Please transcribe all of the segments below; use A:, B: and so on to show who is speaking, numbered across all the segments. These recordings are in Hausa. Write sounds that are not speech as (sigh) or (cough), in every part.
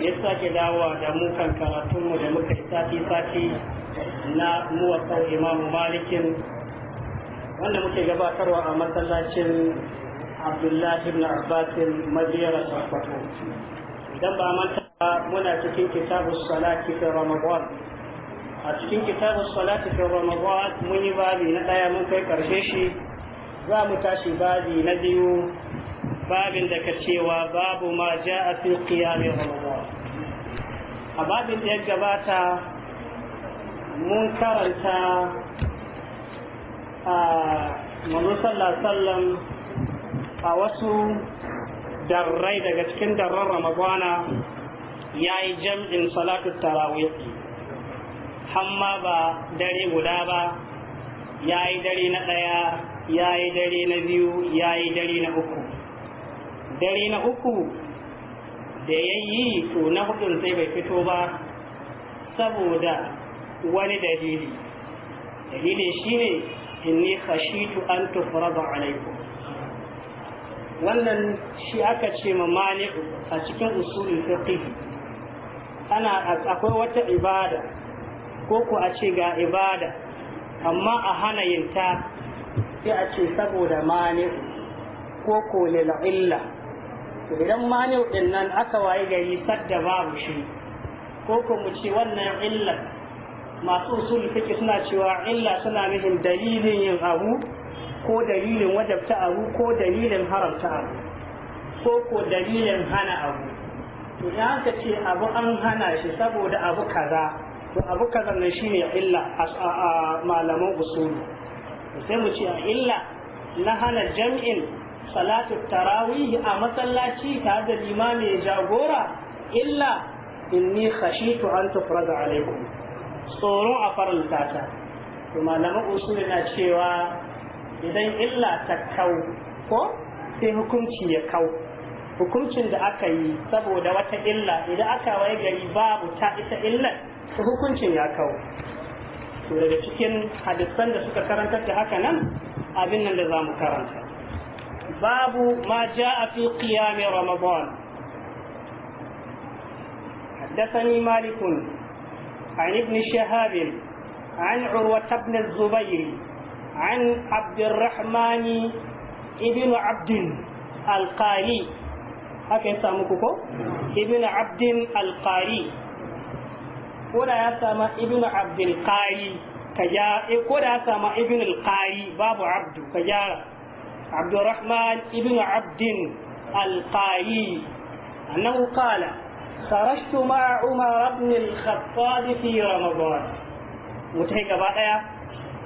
A: ya sake dawowa da mu kan karatunmu da muka yi sati-sati na muwasan imamu malikin wanda muke gabatarwa a masallacin abdullahi ibn abbasin majiyar sarfato idan ba manta muna cikin kitabu salati fi ramadan a cikin kitabu salati fi ramadan mun yi babi na daya mun kai karshe shi za mu tashi babi na biyu babin da ka cewa babu ma ja a fi kiyamin a babin da ya gabata mun karanta a manzo sallallahu a wasu darrai daga cikin darran ramadana ya yi jam'in salatu tarawih hamma ba dare guda ba ya yi dare na ɗaya ya yi dare na biyu ya yi dare na uku dare na uku da ya yi to na hudun sai bai fito ba saboda wani dalili dalilin shi shine inni khashitu an tufrada alaikum wannan shi aka ce ma mani a cikin usulin fiqh ana akwai wata ibada ko ko a ce ga ibada amma a hana yin ta sai a ce saboda mani ko ko lil illa idan mani din nan aka waye gari sadda babu shi ko ko mu ce wannan illa masu usul fiki suna cewa illa suna nufin dalilin yin abu ko dalilin wajabta abu ko dalilin haramta abu ko ko dalilin hana abu to ya ka ce abu an hana shi saboda abu kaza to abu kaza ne shine illa a malaman sai mu ce illa na hana jam'in salatu tarawih a masallaci tare da limami ya jagora illa inni khashitu an tufraza alaikum tsoro a faranta ta to malaman usul na cewa idan illa ta kau ko sai hukunci ya kau hukuncin da aka yi saboda wata illa idan aka waye gari babu ta ita illa to hukuncin ya kau to daga cikin hadisan da suka karanta da haka nan abin nan da za mu karanta باب ما جاء في قيام رمضان حدثني مالك عن ابن شهاب عن عروة بن الزبير عن عبد الرحمن ابن عبد القاري haka ya samu kuko ibn abdin alqari ko ya sama ibn abdul qari ka ja eh, ko ya sama ibn alqari babu abdu ka jara عبد الرحمن ابن عبد القاي أنه قال خرجت مع عمر بن الخطاب في رمضان متهيك بعدها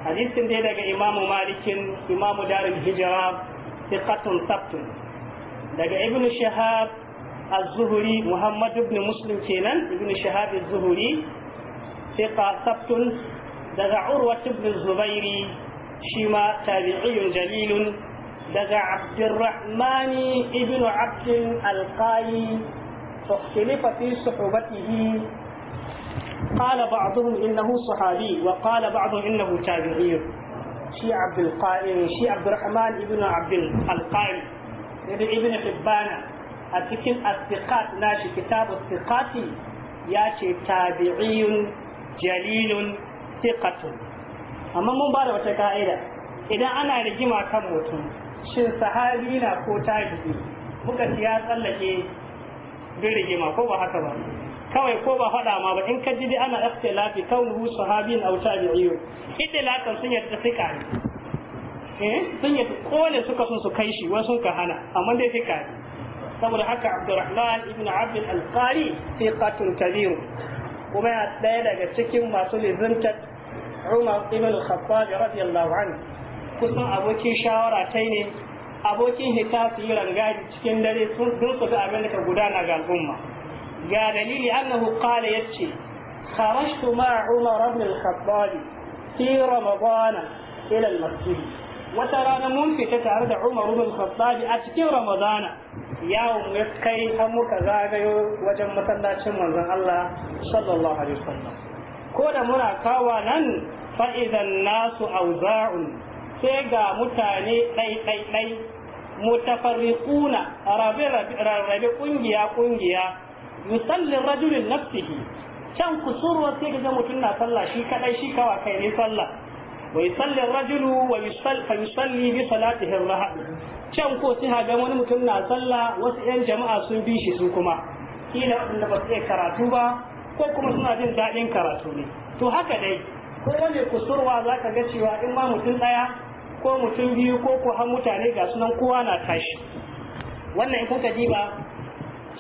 A: حديث ده ده إمام مالك إمام دار الهجرة ثقة ثبت ده ابن شهاب الزهري محمد بن مسلم كينان ابن شهاب الزهري ثقة ثبت ده عروة بن الزبيري شيما تابعي جليل daga Abdurrahman ibn Abd al-Qali فاختلف في صحبته قال بعضهم انه صحابي وقال بعضهم انه تابعي شي عبد القائم شي عبد الرحمن ابن عبد القائم ابن حبان أتكن الثقات ناشي كتاب الثقات ياتي تابعي جليل ثقة أما مبارك وتكائلة إذا أنا رجمع كم mutum shin sahabi na ko tabi'i muka ci ya tsallake bin ko ba haka ba kawai ko ba faɗa ma ba in ka ji ana ikhtilafi kaunuhu sahabin aw tabi'iyyu ikhtilafan sun yadda fika ne eh sun yadda kone suka sun su kai shi wasu ka hana amma dai fika ne saboda haka Abdurrahman ibn Abd al-Qari fiqatun kabir kuma ya daya daga cikin masu lizimtar Umar ibn Khattab radiyallahu anhu kusan abokin shawara tai ne abokin hita su yi rangadi cikin dare sun su ga abin da ka gudana ga al'umma ga dalili annahu qala yace kharajtu ma umar ibn al-khattab fi ramadan ila al-masjid wata rana mun fita tare da umar ibn al-khattab a cikin ramadana yawon ya kai har muka zagayo wajen masallacin manzon Allah sallallahu alaihi wasallam ko da muna kawa nan fa idan nasu auza'un sai ga mutane ɗai-ɗai-ɗai mutafarriquna rabe-rabe kungiya-kungiya yusallin rajulin nafsihi can kusurwa sai ga mutum na sallah shi kadai shi kawa kai ne sallah wa yusalli rajulu wa yusalli bi salatihi rahab can ko sai ga wani mutum na sallah wasu yan jama'a sun bi shi su kuma kila wanda ba su karatu ba ko kuma suna jin daɗin karatu ne to haka dai ko wani kusurwa za ka ga cewa in ma mutum ɗaya ko mutum biyu ko ku har mutane ga sunan kowa na tashi wannan in kuka diba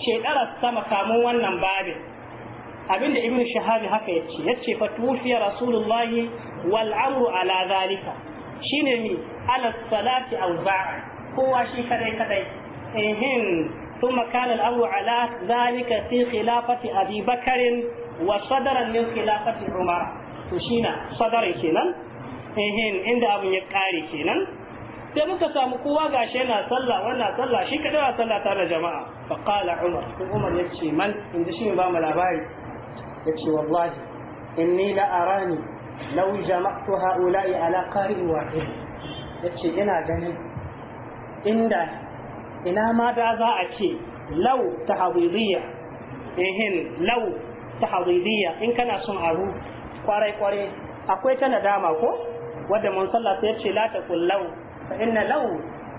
A: shekara sama kamun wannan babin abinda ibnu shahabi haka yace yace fa tufiya rasulullahi wal amru ala zalika shine mi ala salati aw za'a kowa shi kadai kadai ehin ثم كان الأمر على ذلك في خلافة أبي بكر وصدرا من خلافة عمر تشينا صدر kenan. ehin inda abun ya kare kenan sai muka samu kowa gashi yana sallah wannan sallah shi kadai yana sallah tare da jama'a fa qala umar sai umar ya ce man inda shi ba mu labari ya ce wallahi inni la arani law jama'tu ha'ula'i ala qari'in wahid ya ce ina ganin inda ina ma da za a ce law tahawidiyya ehin law tahawidiyya in kana son abu kwarai kwarai akwai ta nadama ko wadda mun sallah sai ce la taqul law fa inna law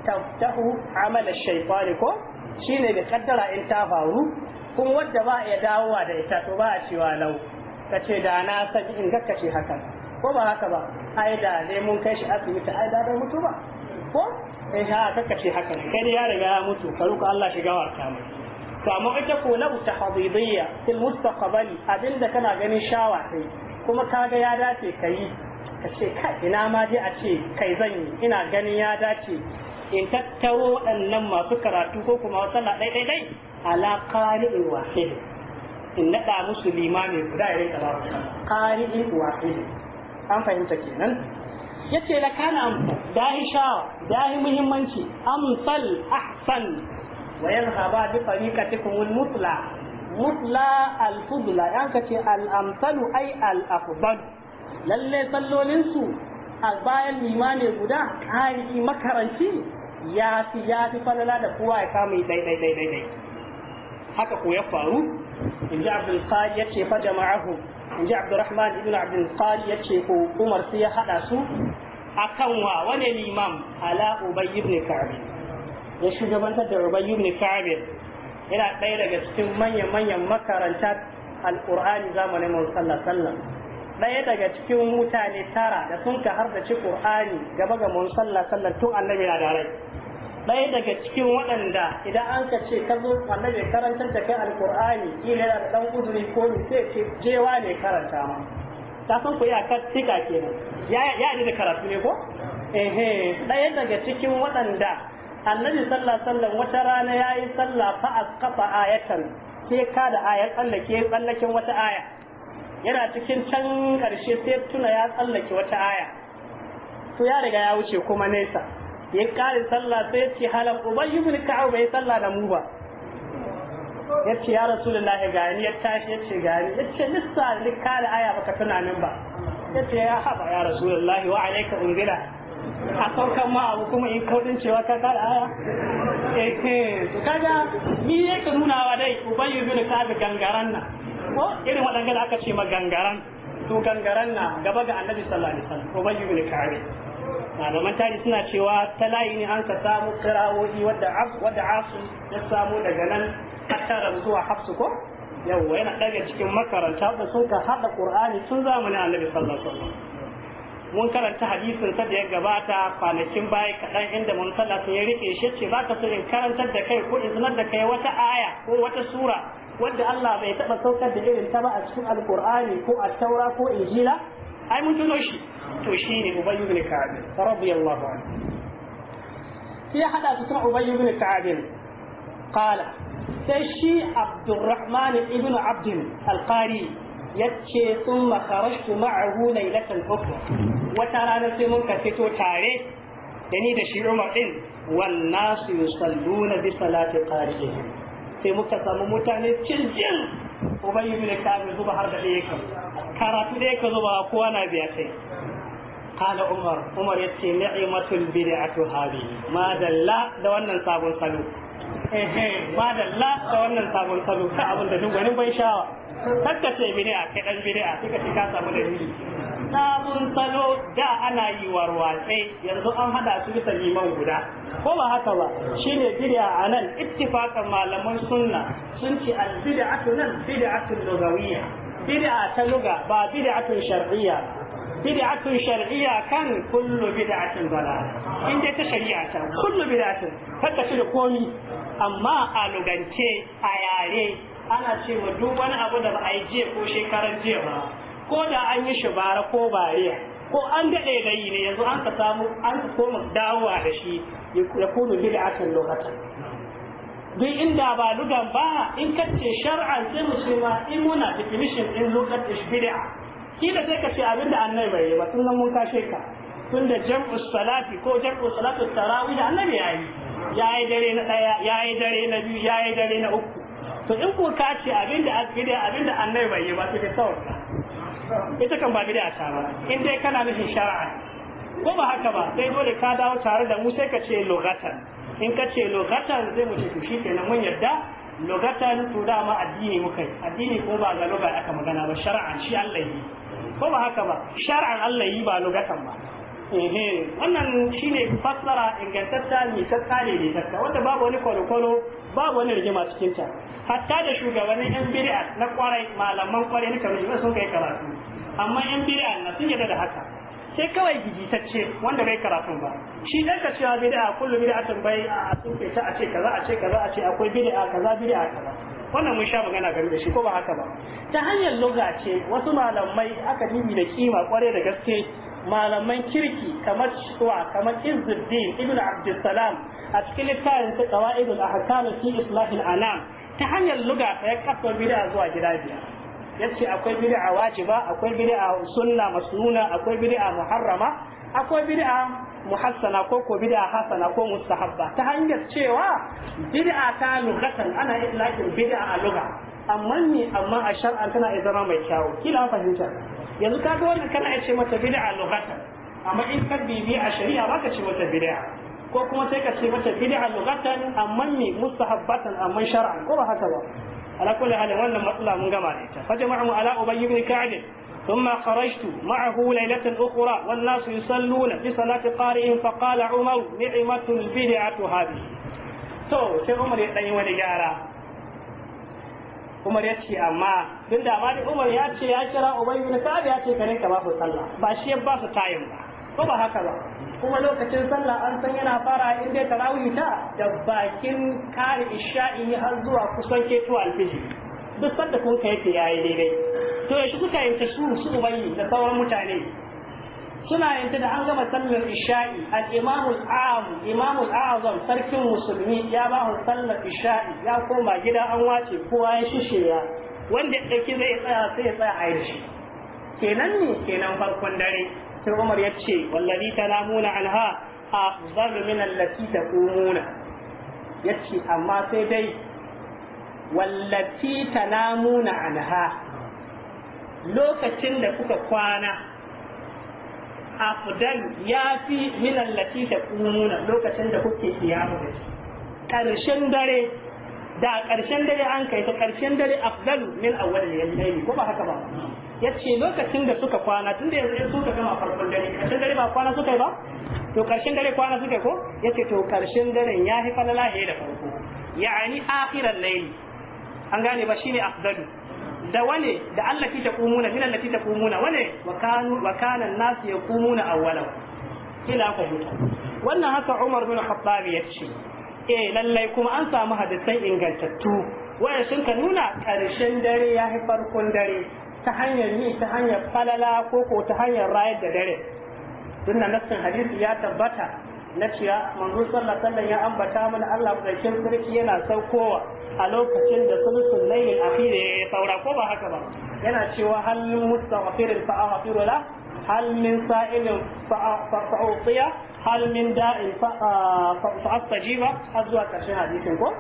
A: taftahu amal ash-shaytan ko shine da kaddara in ta faru kun wadda ba ya dawowa da ita to ba a cewa law kace da na san in ga kace haka ko ba haka ba ai da ne mun kai shi asibiti ai da da mutu ba ko eh ha ka kace haka kai ya riga ya mutu ka ko Allah shiga warka mai samu ita ko ta tahadidiyya fil mustaqbali abinda kana ganin shawa kai kuma kaga ya dace kai ka ce ina ma dai a ce kai zan yi ina ganin ya dace in tattaro waɗannan masu karatu ko kuma sallah ɗai ɗai ɗai ala qari'in wahid in naɗa musu limami guda ya rinka babu qari'in wahid an fahimta kenan yace la kana amsal dahi shawa dahi muhimmanci amsal ahsan wa yadhhaba bi tariqatikum al-mutla mutla al-fudla yanka ce al-amsalu ay al-afdal lalle sallolinsu a bayan limane guda ƙari makaranci ya fi ya fi falala da kowa ya kama yi daidai daidai dai haka ko ya faru in ji abdul qadi ya ce fa ma'ahu in ji abdurrahman ibn abdul qadi ya ce ko umar sai ya hada su a wa wane limam ala ubay ibn ka'ab ya shugabantar da ubay ibn ka'ab yana ɗaya daga cikin manyan manyan makaranta al-qur'ani zamanin manzon sallallahu ɗaya daga cikin mutane tara da sun ka har da ci Qur'ani gaba ga mun sallah sallan tun annabi na da rai ɗaya daga cikin waɗanda idan an ka ce ka zo annabi karantar da kai alƙur'ani kila yana da ɗan uzuri ko mu sai ce jewa ne karanta ma ta san ku iya tika kenan ya ya da karatu ne ko ehe ɗaya daga cikin waɗanda annabi sallah-sallar wata rana ya yi sallah fa kafa ayatan sai ka da ayar tsallake tsallaken wata aya yana cikin can karshe sai tuna ya tsallake wata aya to ya riga ya wuce kuma nesa ya kare sallah sai ce halan ubayyu bin ka'ab bai sallah da mu ba ya ce ya rasulullahi gani ya tashi ya ce gani ya ce lissa ni kare aya baka tuna min ba ya ce ya haba ya rasulullahi wa alaika unzila a saukan ma abu kuma in kaudin cewa ka kada aya eh eh to kaga ni yake nunawa dai ubayyu bin ka'ab gangaran nan ko irin waɗanda aka ce ma gangaran. su gangaran na gaba ga annabi sallallahu alaihi wasallam ubay kare. ka'ab malaman tari suna cewa ta layi ne an ka samu kirawoyi wadda wadda asu ya samu daga nan hatta zuwa hafsu ko yau yana daga cikin makaranta da sun ka hada qur'ani tun zamanin annabi sallallahu alaihi wasallam mun karanta hadisin sa da ya gabata kwanakin baya kaɗan inda mun sallah sun ya rike shi ce ba ka so in karantar da kai ko in sanar da kai wata aya ko wata sura wanda Allah bai taɓa saukar da irin ta ba a cikin alqur'ani ko a taura ko injila ai mun tuno shi to shine ubay ibn ka'ab radiyallahu anhu sai hada su kuma ubay ibn ka'ab qala sai shi abdurrahman ibn abd al-qari yace thumma kharajtu ma'ahu laylatan ukhra wata rana sai mun ka fito tare da ni da shi Umar din والناس يصلون بصلاة قارئهم sai muka samu mutane cin cin ubayi bin kabi zuba har da ɗaya kan karatu ɗaya ka zuba kowa na biya sai kala umar umar ya ce ni'imatul bid'atu hadhihi ma dalla da wannan sabon salo eh ma dalla da wannan sabon salo ka abin da duk wani bai shawa takka ce bid'a kai dan bid'a kika ci ka samu da ni sabon salo da ana yi warwatsai yanzu an hada su bisa liman guda ko ba haka ba shi shine bid'a nan ittifaqan malaman sunna sun ce al bid'atu nan bid'atu lugawiyya bid'a ta luga ba bid'atu shar'iyya bid'atu shar'iyya kan kullu bid'atin In inda ta shari'a ta kullu bid'atin haka shi da komi amma a lugance a yare ana cewa duk wani abu da ba a yi jiya ko shekaran jiya ba ko da an yi shi bara ko bariya ko an daɗe da yi ne yanzu an ka samu an ka koma dawowa da shi ya kunu bid'atan lokacin duk inda ba lugan ba in kace shar'an sai musulma in muna definition in lokacin bid'a kila sai ka ce da annabi bai yi ba tun nan mun kashe ka tun da jam'u salati ko jam'u salatu tarawih da annabi ya yi ya yi dare na ɗaya, ya yi dare na biyu ya yi dare na uku to in ko ka ce da bid'a abinda annabi bai yi ba to ka sauka ita kan ba bid'a ta ba in dai kana nufin shar'a ko ba haka ba sai dole ka dawo tare da mu sai ka ce lugatan in ka ce lugatan zai mu ce to kenan mun yarda lugatan to dama addini muka addini ko ba ga lugha aka magana ba shar'an shi Allah yi ko ba haka ba shar'an Allah yi ba lugatan ba wannan shine fassara ingantacciya mai tattare ne tattare wanda babu wani kwalo-kwalo babu wani rigima cikin ta hatta da shugabannin yan bid'a na kwarai malaman kwarai ne kamar sun kai karatu amma yan bid'a na sun yarda da haka sai kawai gigitacce wanda bai karatu ba shi dan ka cewa bid'a kullu bid'atin bai a sun kai ta a ce kaza a ce kaza a ce akwai bid'a kaza bid'a kaza wannan mun sha magana gari da shi ko ba haka ba ta hanyar lugha wasu malamai aka dibi da kima kwarai da gaske malaman kirki kamar shuwa kamar izuddin ibn abdussalam a cikin littafin Ibn qawaidul ahkam fi islah al ta hanyar luga ta ya kafa bid'a zuwa gida biyar yace akwai bid'a wajiba akwai bid'a sunna masnuna akwai bid'a muharrama akwai bid'a muhassana ko ko bid'a hasana ko mustahabba ta hanyar cewa bid'a ta lugatan ana itlaqin bid'a a luga amma ni amma a shar'an tana zama mai kyawu kila fahimta yanzu ka ga wannan kana ce mata bid'a lugatan amma in ka bibi a shari'a ba ka ce mata bid'a ko kuma sai ka ce mata bid'a lugatan amma ne mustahabbatan amma shar'an ko ba haka ba ala kulli hal wannan matsala mun gama da ita fa jama'u ala ubay ibn ka'b ثم خرجت معه ليلة أخرى والناس يصلون في صلاة قارئهم فقال عمر نعمة البدعة هذه. تو شيخ عمر يتنين ولا Umar ya ce amma tun da amma Umar ya ce ya kira Ubay ibn Ka'ab ya ce kare ka ba su sallah ba shi ya ba su tayin ba ko ba haka ba kuma lokacin sallah an san yana fara in dai tarawih ta da bakin kare isha'i har zuwa kusan ketuwa alfiji duk sanda kun kai ta yayi daidai to yaushe kuka ta su su Ubay da sauran mutane suna yanta da an gama sallar isha'i al-imam al-azam Imamul azam sarkin musulmi ya ba mu sallar isha'i ya koma gida an wace kowa ya shishe ya wanda ya dauki zai tsaya sai ya tsaya a yi shi kenan ne kenan farkon dare sai Umar ya ce wallahi talamuna anha afdalu min allati taqumuna yace amma sai dai wallati talamuna anha lokacin da kuka kwana afdal ya fi min allati taqumuna lokacin da kuke kiyama karshen dare da karshen dare an kai ta karshen dare Afdal min awwal al-layl ko ba haka ba yace lokacin da suka kwana tunda yanzu suka gama farkon dare karshen dare ba kwana suka yi ba to karshen dare kwana suka ko yace to karshen dare ya fi falala da farko ya'ani akhiral layl an gane ba shine afdalu da wane da allati taqumuna min allati taqumuna wane wa kanu wa kana an-nas yaqumuna awwalan kila ku huta wannan haka Umar bin Khattab ya ce eh lallai kuma an samu hadisai ingantattu waya sun ka nuna karshen dare ya fi farkon dare ta hanyar ni ta hanyar falala ko ko ta hanyar rayar da dare na nassin hadisi ya tabbata na ciya manzo sallallahu alaihi ya ambata mana Allah madaukin sarki yana saukowa a lokacin da sulusun layin akhir ya saura ko ba haka ba yana cewa hal min mustaghfirin fa aghfir la hal min sa'ilin fa fa'utiya hal min da'in fa fa'astajiba har zuwa karshen hadisin ko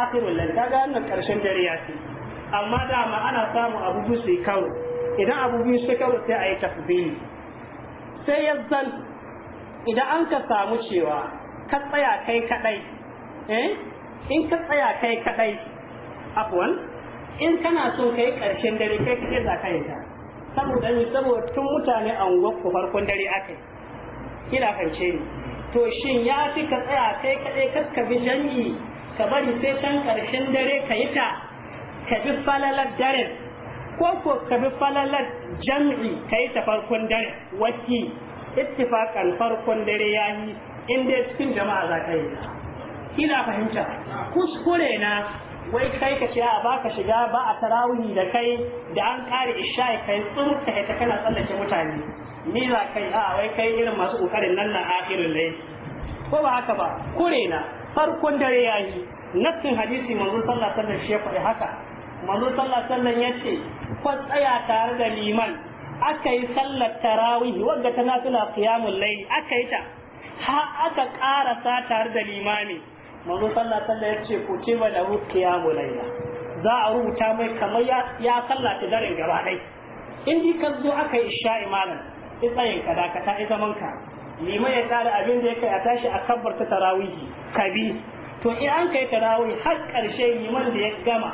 A: akhirul lail kaga annan karshen dare ya ce amma da ma ana samu abu biyu su kawai idan abu biyu su kawai sai a yi sai ya zan idan an ka samu cewa ka tsaya kai kadai eh in ka tsaya kai kadai afwan in kana son kai karshen dare kai kake za ka yi ta saboda ni saboda tun mutane an gwakko farkon dare akai kina fance ni to shin ya fi ka tsaya kai kadai kaska bi jami'i ka bari sai can karshen dare ka yi ta ka bi falalar dare ko ko ka bi falalar jami'i ka yi ta farkon dare waki ittifaqan farkon dare yayi in dai cikin jama'a za ka yi ina fahimta kuskure na wai kai ka ce a baka shiga ba a tarawihi da kai da an kare isha'i kai tsurka ta kana tsallake mutane ni za kai a wai kai irin masu kokarin nan na akhirin lai ko ba haka ba kure na farkon dare yayi nassin hadisi manzon sallallahu alaihi wasallam shi ya faɗi haka manzon sallallahu alaihi wasallam ya ce ko tsaya tare da liman aka yi sallar tarawih wadda tana suna qiyamul layl aka yi ta ha aka karasa tare da limami manzo sallah sallah ya ce ku ce ba da qiyamul layla za a rubuta mai kamar ya ta daren gaba dai in ji ka zo aka yi sha malam in tsayin ka daka ta zaman ka limai ya tsara abin da ya kai a tashi a kabbar kabbarta tarawihi kabi to in an kai tarawih har karshe liman da ya gama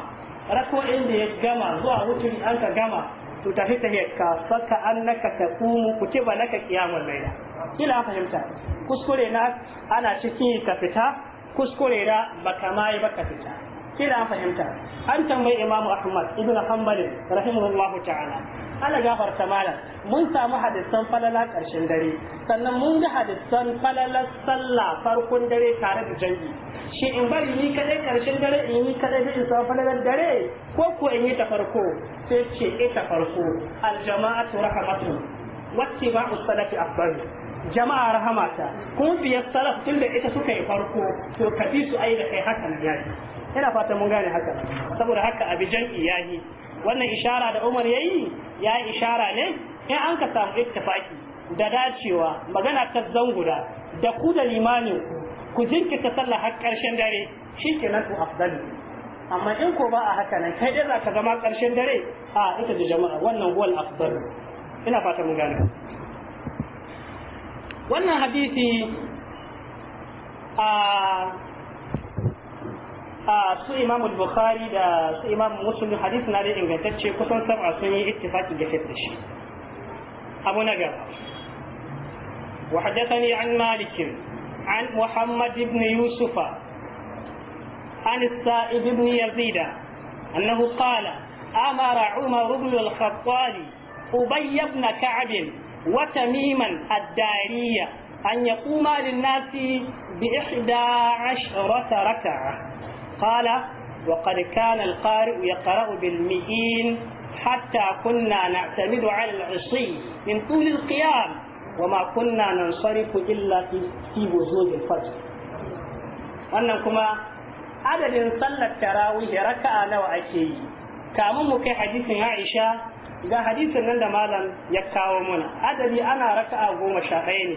A: rako inda ya gama zuwa hutun an ka gama to ta tahiyar ka faka annaka taqumu kutiba laka qiyamul layla kila fahimta kuskure na ana cikin ka fita kuskure da baka mai baka fita kila an fahimta an tambayi imamu ahmad ibn hanbal rahimahullahu ta'ala ala gafarta malam mun samu hadisan falala karshen dare sannan mun ga hadisan falala sallah farkon dare tare da jangi shi in bari ni kadai karshen dare in yi kadai da sa falalar dare ko ko in yi ta farko sai ce ita eh, farko jama'atu rahmatu wattiba'u salafi afdal jama'a rahamata kuma fiye salaf tun da ita suka yi farko to ka bi su ai kai hakan yayi ina fatan mun gane haka saboda haka abi jan'i yi. wannan ishara da Umar yi, ya yi ishara ne in an ka samu ittifaki da dacewa magana ta zanguda da ku da limanin ku jinkirta sallah har karshen dare shikenan ku afdali amma in ko ba a haka nan kai dai za ka zama ƙarshen dare a ita da jama'a wannan wal afdal ina fata mun gane wannan hadisi a su imamu bukhari da su imamu muslim hadisi na da ingantacce kusan sab'a sun yi ittifaqi da fitar shi abu na gaba wa haddathani an malik an muhammad ibn yusuf an sa'id ibn yazid annahu qala amara umar ibn al-khattab ubay ibn ka'b wa tamiman ad-dariya an yaquma lin-nasi bi 11 rak'ah قال وقد كان القارئ يقرأ بالمئين حتى كنا wa على العصي من طول القيام وما كنا ننصرف إلا في وجود الفجر wannan kuma adadin sallar da raka'a nawa ake yi kamun mu kai hadisin Aisha ga hadisin nan da malam ya kawo muna adadi ana raka'a goma sha ɗaya ne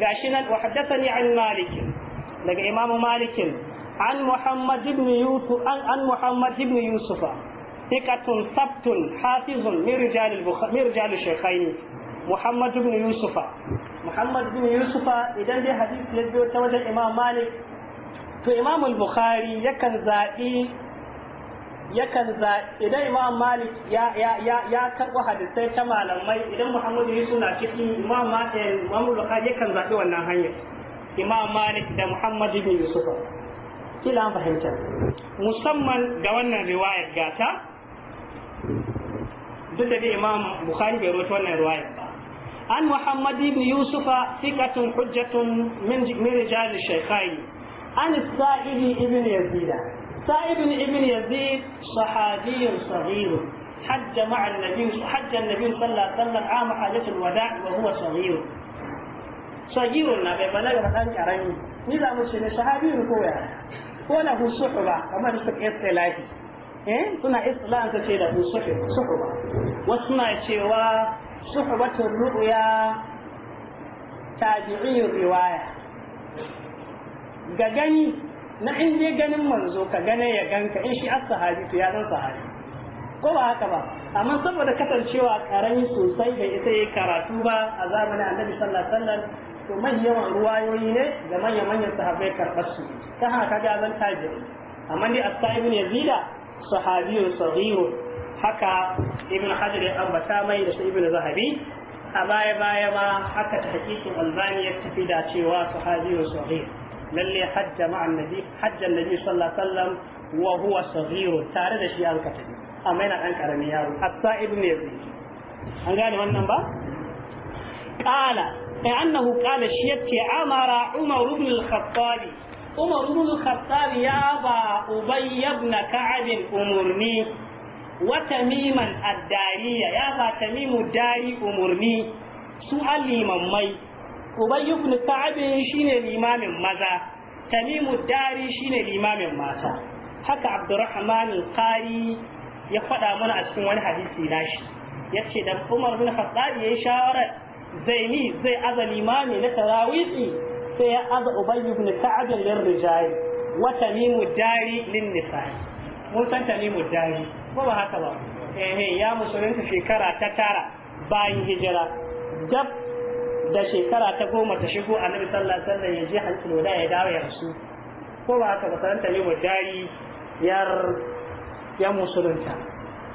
A: gashi nan wa haddathani malikin daga imamu malikin عن محمد بن يوسف عن, محمد بن يوسف ثقة ثبت حافظ من رجال البخاري من رجال الشيخين محمد بن يوسف محمد بن يوسف إذا دي حديث توجه مالك yakan zaɓi idan Imam Malik ya ya ya ya hadisai ta malamai idan Muhammad Yusuf na ciki Imam Malik eh, Imam Bukhari yakan wannan hanyar Imam Malik da Muhammad ibn Yusuf kila an fahimta musamman ga wannan riwayar gata duk da dai imam bukhari bai rawaito wannan riwayar ba an muhammad ibn yusufa thiqatun hujjatun min min rijal shaykhai an sa'idi ibn yazid sa'id ibn yazid sahabiyyun saghir حج مع النبي حج النبي صلى الله عليه وسلم عام حاجة الوداع وهو صغير صغير النبي بلغ ba ɗan ƙarami ni za mu ko hu suhuba kamar su lafi eh suna istilahan ta ce hu suhuba wasu na cewa suhubatul ru'ya tabi'in riwaya ga gani na in je ganin manzo ka gane ya ganka in shi as sahabi to ya san sahabi ko ba haka ba amma saboda kasancewa karami sosai bai isa yi karatu ba a zamanin annabi sallallahu alaihi wasallam to manyan ruwayoyi ne da manyan manyan sahabbai karɓar su ta haka ga zan tajiri amma dai as ibn yazida sahabiyun sahihun haka ibn hajar ya ambata mai da su ibn zahabi a baya baya ma haka ta hakiki albani ya tafi da cewa sahabiyun sahih lalle hajja ma annabi hajja annabi sallallahu alaihi wasallam wa huwa sahih tare da shi an ka tafi amma yana dan karamin yaro as ibn yazid an gane wannan ba qala ai annahu qala shi yace amara umar ibn al-khattab umar ibn al-khattab ya ba ubay ibn ka'ab umurni ya ba tamimu dari umurni su aliman mai ubay ibn ka'ab shine limamin maza tamimu dari shine limamin mata haka abdurrahman al-qari ya faɗa mana a cikin wani hadisi nashi yace da Umar yayi shawarar zai ni zai aza limami na tarawihi sai ya aza ubayy ibn ka'ab lil rijal wa tamimu dari lin mun san tamimu dari ko ba haka ba eh ya shekara ta tara bayan hijira dab da shekara ta goma ta shigo annabi sallallahu alaihi wasallam ya je hankali wada ya dawo ya rasu ko ba haka ba san tamimu dari yar ya musulunta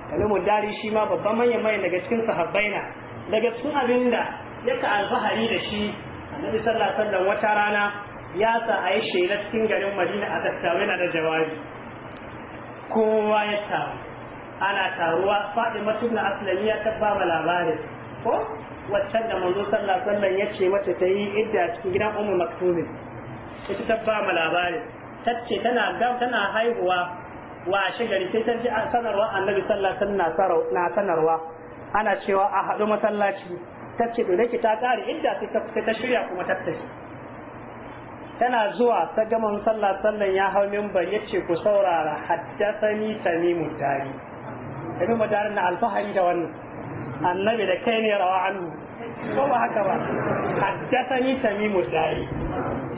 A: tamimu dari shi ma babban manyan manyan daga cikin sahabbai na daga cikin abinda. yaka alfahari da shi annabi sallallahu alaihi wasallam wata rana ya sa a yi shela cikin garin madina a tattawa yana da jawabi kowa ya taru ana taruwa faɗi matubna aslamiya ta ba ma labarin ko waccan da manzo sallallahu alaihi wasallam ya ce wata ta yi idda cikin gidan ummu maktumin ita ta ba ma labarin tace tana gam tana haihuwa wa shigari sai ta ji sanarwa annabi sallallahu alaihi wasallam na sanarwa ana cewa a haɗu masallaci ta ce dole ki ta kare inda sai ta shirya kuma ta tafi tana zuwa ta gama sallah sallan ya hau mimbar ya ce ku saurara haddasani tamimu dari mu dari na alfahari da wannan annabi da kai ne rawa annu ko ba haka ba haddasani tamimu dari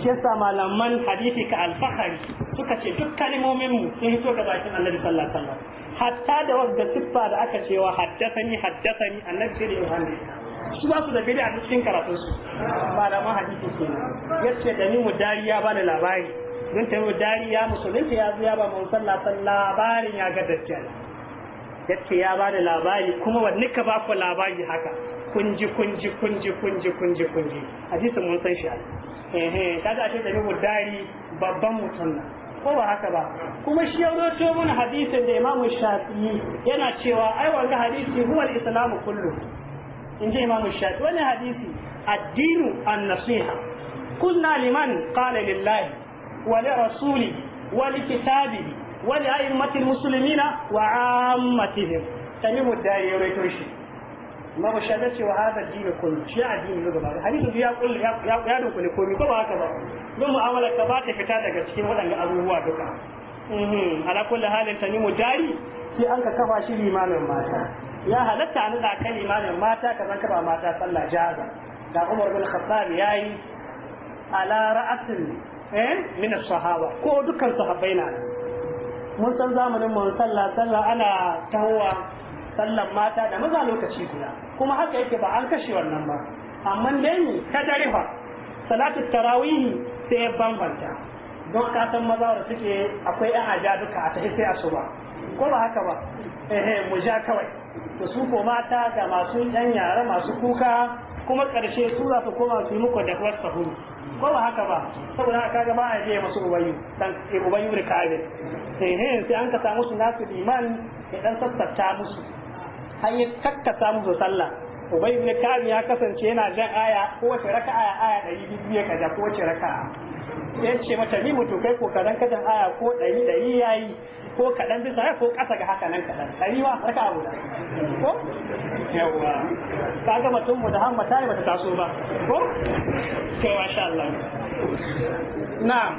A: shi yasa malaman hadisi ka alfahari suka ce duk kalmomin mu sun hito ga bakin annabi sallallahu alaihi wasallam hatta da wanda siffa da aka cewa haddasani haddasani annabi sai da yohanna su ba su da a cikin karatun su ba da ma hadisi ke ce da ni mu dariya ba da labari don ta mu dariya musulunta ya zuya ya ba mun sallah labarin ya ga dajjal ce ya ba da labari kuma wani ka ba ku labari haka kunji kunji kunji kunji kunji kunji hadisin mun san shi a kaga ashe da ni mu dari babban mutum na ko ba haka ba kuma shi ya roto mun hadisin da imamu shafi'i yana cewa ai wanga hadisi huwa al-islamu kullu in ji imamu shafi wani hadisi addinu an nasiha kunna liman qala lillahi wa li rasuli wa li kitabihi wa li a'immatil muslimina wa ammatihim tamimu dai rawaito shi imamu shafi ce wa hada dinu kullu shi addini ne gaba hadisi ya kullu ya ya dunkule ko ba haka ba don mu'amala ka fita daga cikin waɗannan abubuwa duka mhm. ala halin tamimu dari sai an ka kafa shi limamin mata ya halatta an da kai imanin mata kaza ka ba mata sallah jaza da Umar bin Khattab yayi ala ra'atin eh min sahaba ko dukkan sahabbai na mun san zamanin mu sallah sallah ana tawwa sallan mata da maza lokaci guda kuma haka yake ba an kashe wannan ba amma dai dare fa salatu tarawih sai bambanta don ka san maza da suke akwai yan aja duka a tafi sai asuba ko ba haka ba eh, eh mu ja kawai da su ko mata da masu ɗan yara masu kuka kuma ƙarshe su za su koma su yi muku da kuwar sahuru ko ba haka ba saboda aka ga ba a je masu ubayu dan ubayu da kabe sai ne sai an ka samu su nasu liman ya dan sassafta musu har ya kakkasa musu sallah ubayu da kabi ya kasance yana jan aya ko wace raka'a aya ɗari biyu ya kaja ko wace raka'a ya ce mata ni mutu ko kadan kajan aya ko ɗari ɗari ya yi. ko kaɗan bisa ko ƙasa ga haka nan kaɗan ɗari ma raka abu ko yawa ka ga mutum mu da hamba tare bata taso ba ko to masha Allah na'am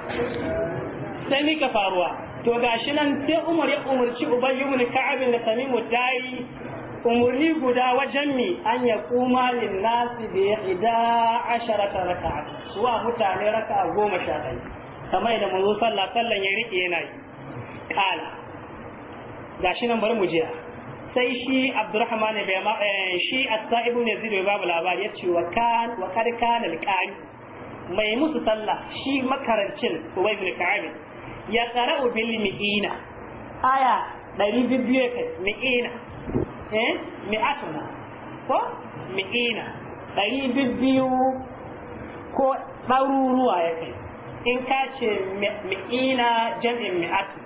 A: sai ka faruwa to gashi nan sai Umar ya umarci Ubayy ibn Ka'ab da Tamim dai umurni guda wajen mi an ya kuma lin nasi bi ida asharata raka'a suwa mutane raka'a goma sha ɗaya kamar da mun sallah sallan ya rike yana yi kala shi nan bari mu jiya sai shi abdurrahman bai ma eh, shi as-sa'ib ne zai babu labari yace wa kan wa kad kana al qai mai musu sallah shi makarancin ubay bin ka'ab ya qara'u bil mi'ina aya 200 mi'ina eh mi'atuna ko mi'ina 200 ko ɗaruruwa ya in ka ce mi'ina jam'in mi'atu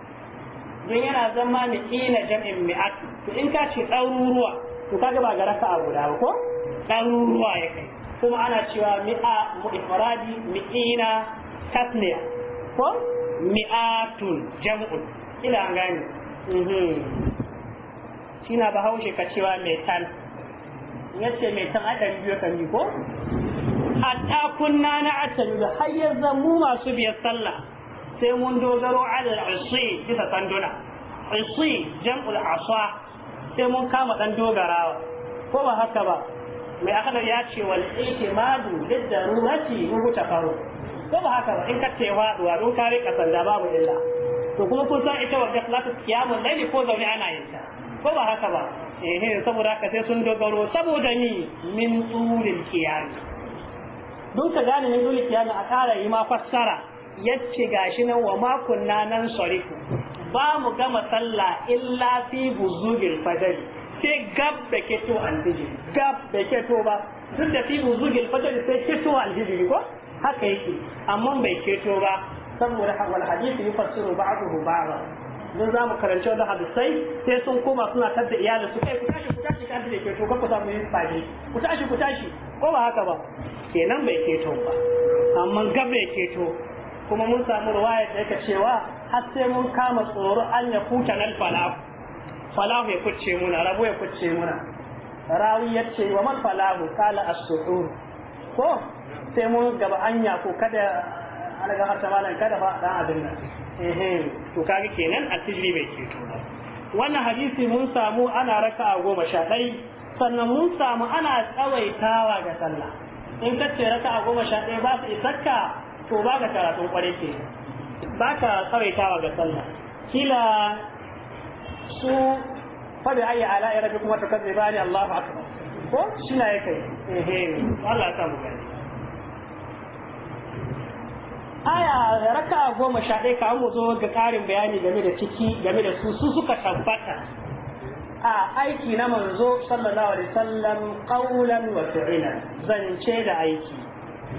A: don yana zama ni ina jam'in mi'atu to in ka ce ɗaruruwa to kaga ba ga raka'a guda ba ko ɗaruruwa ya kai kuma ana cewa mi'a mu'ifradi mi'ina tasniya ko mi'atun jam'un kila an gane mhm. shi na bahaushe ka cewa mai tan yace mai tan adan biyu kan yi ko hatta kunna na atalu har yanzu mu masu biyar sallah sai mun dogaro alal usi bisa sanduna usi jam'ul asa sai mun kama dan dogarawa ko ba haka ba mai akadar ya ce wal itimadu lid darurati rubuta faru ko ba haka ba in ka ce faduwa don kare kasan da babu illa to kuma kun san ita wadda salatu kiyamul laili ko zaune ana yin ta ko ba haka ba eh saboda haka sai sun dogaro saboda ni min tsulil kiyami don ka gane min tsulil kiyami a kara yi ma fassara yace gashi nan wa ma kunna nan sarifu ba mu gama sallah illa fi buzugil fajr sai gab da keto alfijir gab da keto ba duk da fi buzugil fajr sai keto alfijir ko haka yake amma bai keto ba saboda wal hadisi yufassiru ba'dahu ba'dahu don za mu karanci wani hadisai sai sun koma suna tadda iyalin su kai ku tashi ku tashi kan da keto kan ku samu yin fage ku tashi ku tashi ko ba haka ba kenan bai keto ba amma gab bai keto kuma mun samu ruwaya da yake cewa har sai mun kama tsoro an ya kuta nan falahu falahu ya kucce muna rabu ya kucce muna rawi ya ce wa man falahu kala as-suhur ko sai mun gaba anya ko kada alaga hatta malan kada fa dan abin nan eh to kage kenan at-tijri bai ceto to wannan hadisi mun samu ana raka'a goma sha ɗai sannan mun samu ana tsawaitawa ga sallah in kace raka raka'a goma sha ɗaya ba su isakka to ba ka karatun kware ke ba ka tsawaitawa ga sallah kila su fada ayya ala ya rabbi kuma takazzi ba ne Allahu akbar ko shi na yake eh Allah ta mu gani aya raka goma sha ɗaya kawo mu zo ga ƙarin bayani game da ciki game da su su suka tabbata a aiki na manzo sallallahu alaihi wasallam qaulan wa fi'lan zance da aiki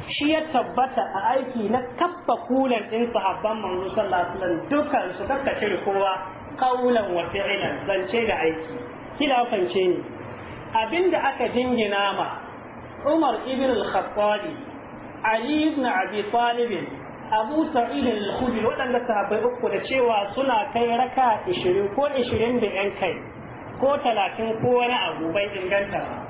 A: shi ya tabbata a aiki na kafa kulan din sahabban manzo sallallahu alaihi wasallam dukkan su kakka cire kowa kaulan wa fi'lan zance da aiki kila fance ni abinda aka dingina ma Umar ibn al-Khattab Ali ibn Abi Talib Abu Sa'id al-Khudri waɗanda sahabbai uku da cewa suna kai raka 20 ko 20 da yan kai ko 30 ko wani abu bai inganta ba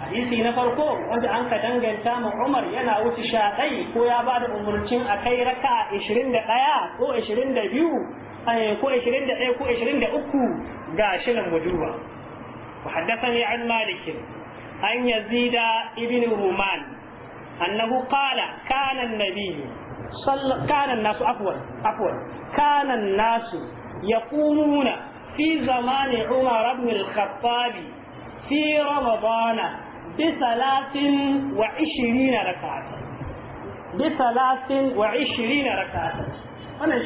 A: hadisi na farko wanda an ka danganta ma Umar yana wuce sha ɗai ko ya ba da umurcin a kai raka 21 ko 22 ko 21 ko 23 ga shirin muduba وحدثني عن مالك أن يزيد ابن همان أنه قال كان النبي صلى كان الناس عفوا عفوا كان الناس يقومون في زمان عمر بن الخطاب في رمضان بثلاث وعشرين ركعة بثلاث وعشرين ركعة wannan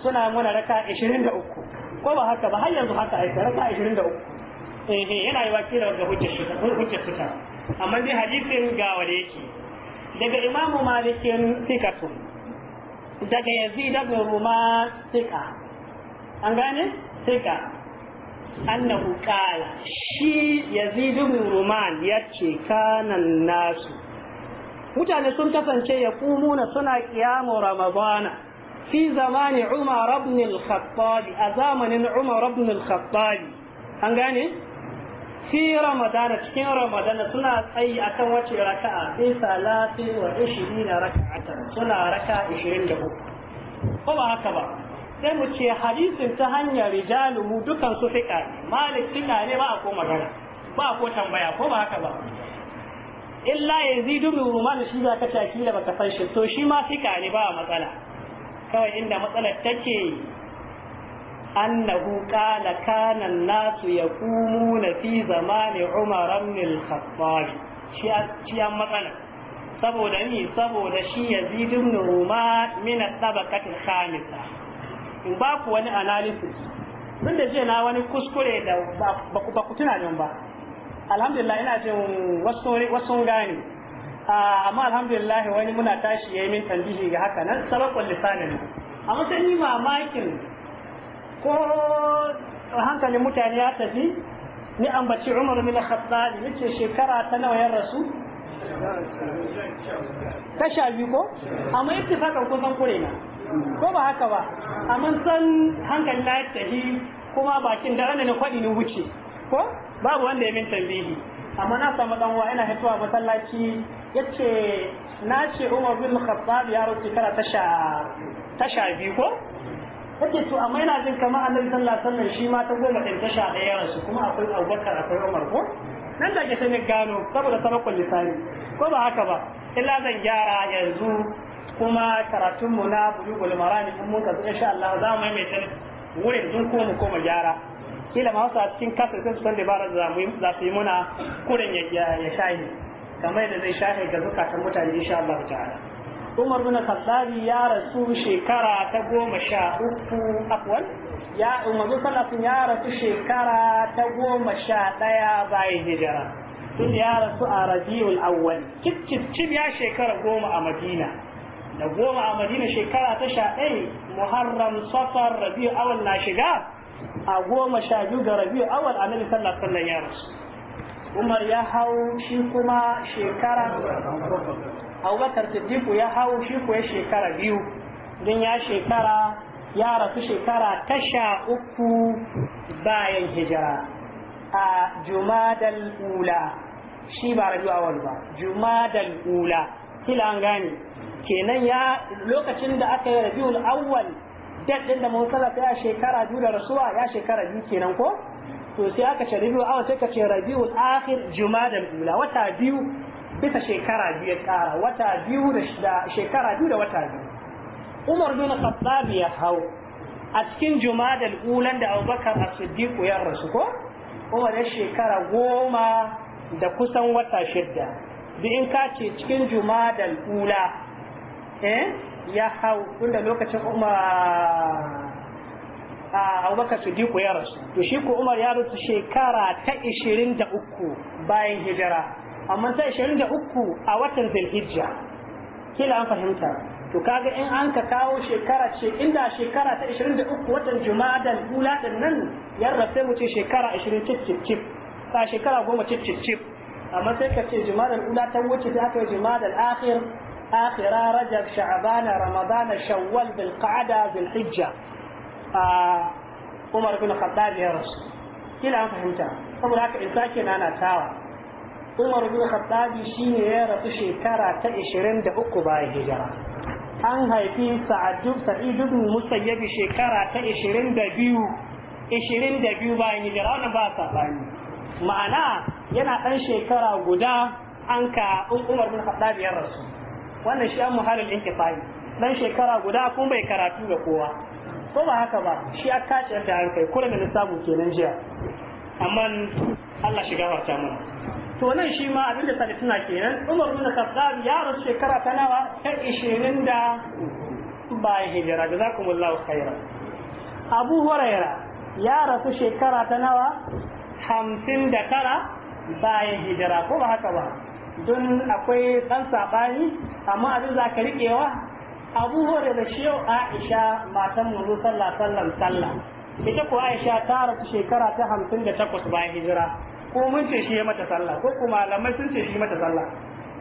A: suna mana raka 23 ko ba haka ba har yanzu haka ai raka 23 eh eh yana yi wakila daga hujjar shi hujjar fita amma hadisin ga wanda daga imamu malikin sikatun daga yazi daga ruma sika an gane sika annahu qala shi yazid ibn ruman yace kanan nasu mutane sun tasance ya kumuna suna kiyamu ramadana fi zamani a zamanin umar ibn al-khattab an gane fi ramadana cikin ramadana suna tsayi akan wace raka'a fi salati wa 20 raka'atan suna raka'a 23 ko ba haka ba sai mu ce hadisin ta hanyar mu dukan su fiƙa ne malik fiqa ne ba a ko magana ba a ko tambaya ko ba haka ba illa yazidu rumar ruman shi za ka taki da baka san shi to shi ma fiƙa ne ba matsala kawai inda matsalar take annahu qala kana an-nasu yaqumuna fi zamani umar ibn al-khattab shi shi matsala saboda ni saboda shi yazidu bi ruman min at-tabaqati al in ba ku wani analysis tun da jiya na wani kuskure da ba ku tuna ba alhamdulillah ina jin wasu gani ah, amma alhamdulillah wani muna tashi ya yi min tambihi ga haka nan sabakon lisanin amma sai ni mamakin ko hankalin mutane ya tafi ni ambaci umar min al-khattabi yace shekara ta nawa ya rasu ta sha biyu ko amma ittifaqan kun san kure na ko ba haka ba amma san hankali na tahi kuma bakin da ranar kwaɗi ni wuce ko babu wanda ya min tambihi amma na samu dan wa yana hitowa masallaci yace na ce Umar bin Khattab ya roki kara tasha tasha biyu ko yace to amma yana jin kamar Annabi sallallahu alaihi wasallam shi ma ta goma ɗin tasha daya rasu kuma akwai Abubakar akwai Umar ko nan da ke sai gano saboda sarakon lisani ko ba haka ba illa zan gyara yanzu kuma karatun mu na bulugul marami in mun kasu insha Allah za mu maimaita wurin dun ko mu koma gyara kila ma wasu cikin kasar sai su san dabara za mu za su yi muna kurin ya shahi kamar da zai shahi ga zukatan mutane insha Allah ta'ala Umar bin Khattabi ya rasu shekara ta goma sha uku afwan ya Umar bin ya rasu shekara ta goma sha ɗaya bayan hijira tun ya rasu a Rabiul Awwal kif ya shekara goma a Madina da goma a madina shekara ta sha ɗaya muharram safar rabi'u awal na shiga a goma sha biyu ga rabi'u awal annabi sallallahu alaihi wasallam ya rasu umar ya hau shi kuma shekara abubakar siddiqu ya hau shi ko shekara biyu don ya shekara ya rasu shekara ta sha uku bayan hijira a jumadal ula shi ba rabi'u awal ba jumadal ula kila an gane kenan ya lokacin da aka yi rabiul awwal dadin da mun ta ya shekara biyu da rasuwa ya shekara biyu kenan ko to sai aka ce rabiul awwal sai ka ce rabiul akhir jumadan ula wata biyu bisa shekara biyu kara wata biyu da shekara biyu da wata biyu Umar bin Khattab ya hau a cikin jumadan ulan da Abubakar As-Siddiq ya rasu ko Umar ya shekara goma da kusan wata shidda duk in ka ce cikin jumadan ula Eh? ya hau tunda lokacin umar a abubakar siddiqu ya rasu to shi ko umar ya rasu shekara ta 23 bayan hijira amma ta 23 a watan zulhijja kila an fahimta to kaga in an ka kawo shekara ce inda shekara ta 23 watan juma'a ula din nan ya rasu mu ce shekara 20 cip ta shekara goma cip cip amma sai ka ce juma'a ula ta wuce ta aka yi juma'a akhir akhira rajab sha'ban ramadan shawwal bil qa'da a umar bin khattab ya rasu kila fahimta saboda haka in sake nana tawa umar bin khattab shine ya rasu shekara ta 23 bayan hijira an haifi sa'adu sa'idu bin musayyabi shekara ta 22 22 bayan hijira wannan ba sabani ma'ana yana ɗan shekara guda an ka umar bin khattab ya rasu wannan shi an muhalin fahim ɗan shekara guda kun bai karatu ga kowa ko ba haka ba shi a kace da hankali kula da samu kenan jiya amma Allah shiga warta mana to nan shi ma abin da sai tuna kenan Umar bin Khattab ya rasu shekara ta nawa ta 20 da bayan hijira jazakumullahu khairan Abu Huraira ya rasu shekara ta nawa 59 bayan hijira ko ba haka ba don akwai ɗan saɓani amma abin za ka riƙewa abu hore da shi aisha matan mulu sallah sallan sallah ita ko aisha ta rasu shekara ta hamsin da takwas bayan hijira ko mun ce shi ya mata sallah ko kuma malamai sun ce shi mata sallah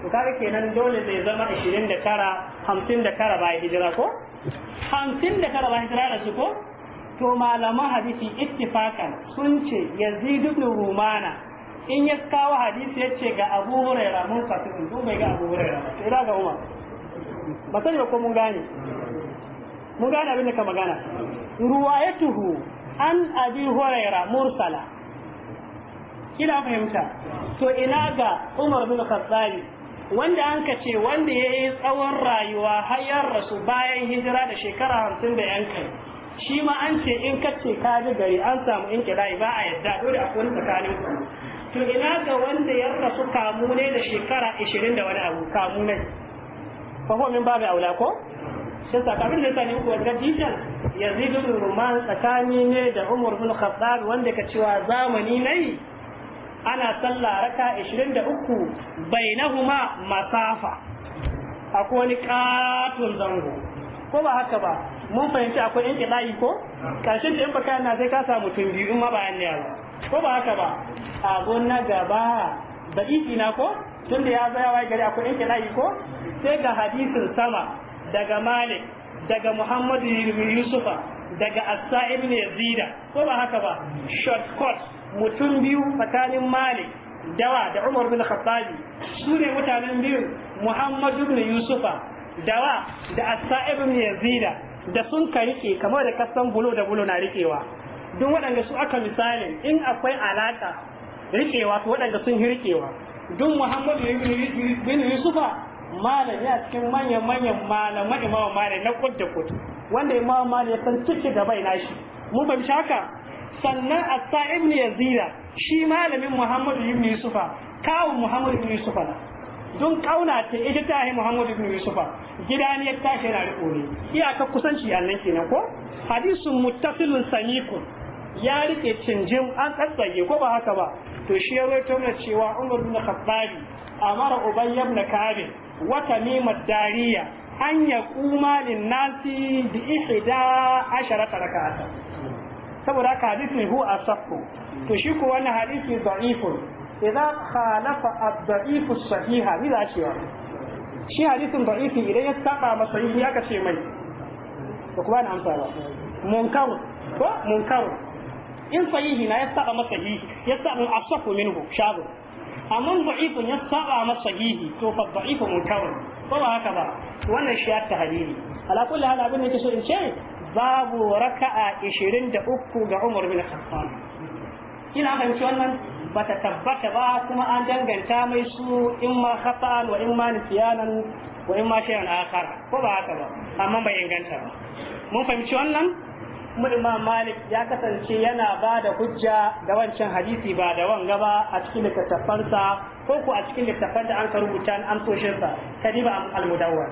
A: to kaga kenan dole zai zama ashirin da tara hamsin da tara bayan hijira ko hamsin da tara bayan hijira rasu ko to malaman hadisi ittifakan sun ce yazid ibn rumana in ya kawo hadisi yace ga Abu Hurairah mun fasu dun bai ga Abu Hurairah ba ina ga Umar ba sai ko mun gane mun gane abin da ka magana ruwayatuhu an Abi Hurairah mursala kina fahimta to ina ga Umar bin Khattab wanda an ka ce wanda ya yi tsawon rayuwa hayar rasu bayan hijira da shekara hamsin da yan kai shi ma an ce in ka ce ka ji gari an samu in kira ba a yadda dole a wani tsakanin ku to ina ga wanda ya rasu kamu ne da shekara 20 da wani abu kamu ne fa ko min babu aula ko shin kamin da tani ko ga dishan yazid bin ruman tsakani ne da umar bin khattab wanda ka cewa zamani ne ana sallah raka 23 bainahuma masafa akwai wani katon zango ko ba haka ba mun fahimci akwai yanke layi ko karshen da in baka na sai ka samu tun biyu in ma bayan ne ba ko ba haka ba abu na gaba da na ko tun da ya zaya wai gari akwai yanke layi ko sai ga hadisin sama daga malik daga muhammadu yusufa daga assa ibn yazida ko ba haka ba shortcut mutum biyu tsakanin malik dawa da umar bin khattabi su ne mutanen biyu muhammadu ibn yusufa dawa da assa ibn yazida da sun ka rike kamar da kasan bulo da bulo na rikewa duk waɗanda su aka misalin in akwai alaƙa riƙewa to waɗanda sun riƙewa duk muhammadu ya bin yusufa malam ya cikin manyan manyan da imamu malik na kud da kud wanda imamu malik ya san ciki da bai nashi mun fahimci haka sannan atta ibn Yazira shi malamin muhammadu ibn yusufa kawun muhammadu ibn yusufa na don kauna ta ita ta yi muhammadu ibn yusufa gida ne ya tashi na riko ne iyaka kusanci Allah kenan ko hadisun muttasilun saniqun ya rike cinjin an tsatsage ko ba haka ba to shi ya rawaito mana cewa Umar ibn Khattab amara Ubay ibn Ka'ab wa Tamimad Dariya an yaquma lin-nasi bi ihda asharata rak'ata saboda haka hadisi hu asaffu to shi ko wannan hadisi da'ifun idan khalafa ad-da'ifu as ni bila cewa shi hadisin da'ifi idan ya saba masa yi aka ce mai ba kuma na amsa ba munkar ko munkar in sahihi na ya saba masa sahihi ya saba asahu minhu shago amma da'ifun ya saba masa sahihi to fa da'ifu munkar ko ba haka ba wannan shi ya tahlili ala kulli hal abin da yake so in ce babu raka'a 23 ga Umar bin Khattab ina fahimci wannan ba ta tabbata ba kuma an danganta mai su in ma khata'an wa in ma nisyanan wa in ma shay'an akhar ko ba haka ba amma bai inganta ba mun fahimci wannan kuma imam malik ya kasance yana ba da hujja da wancan hadisi ba da wanga ba a cikin littattafansa ko ko a cikin littattafan da an ka rubuta an soshin sa kadiba al-mudawwar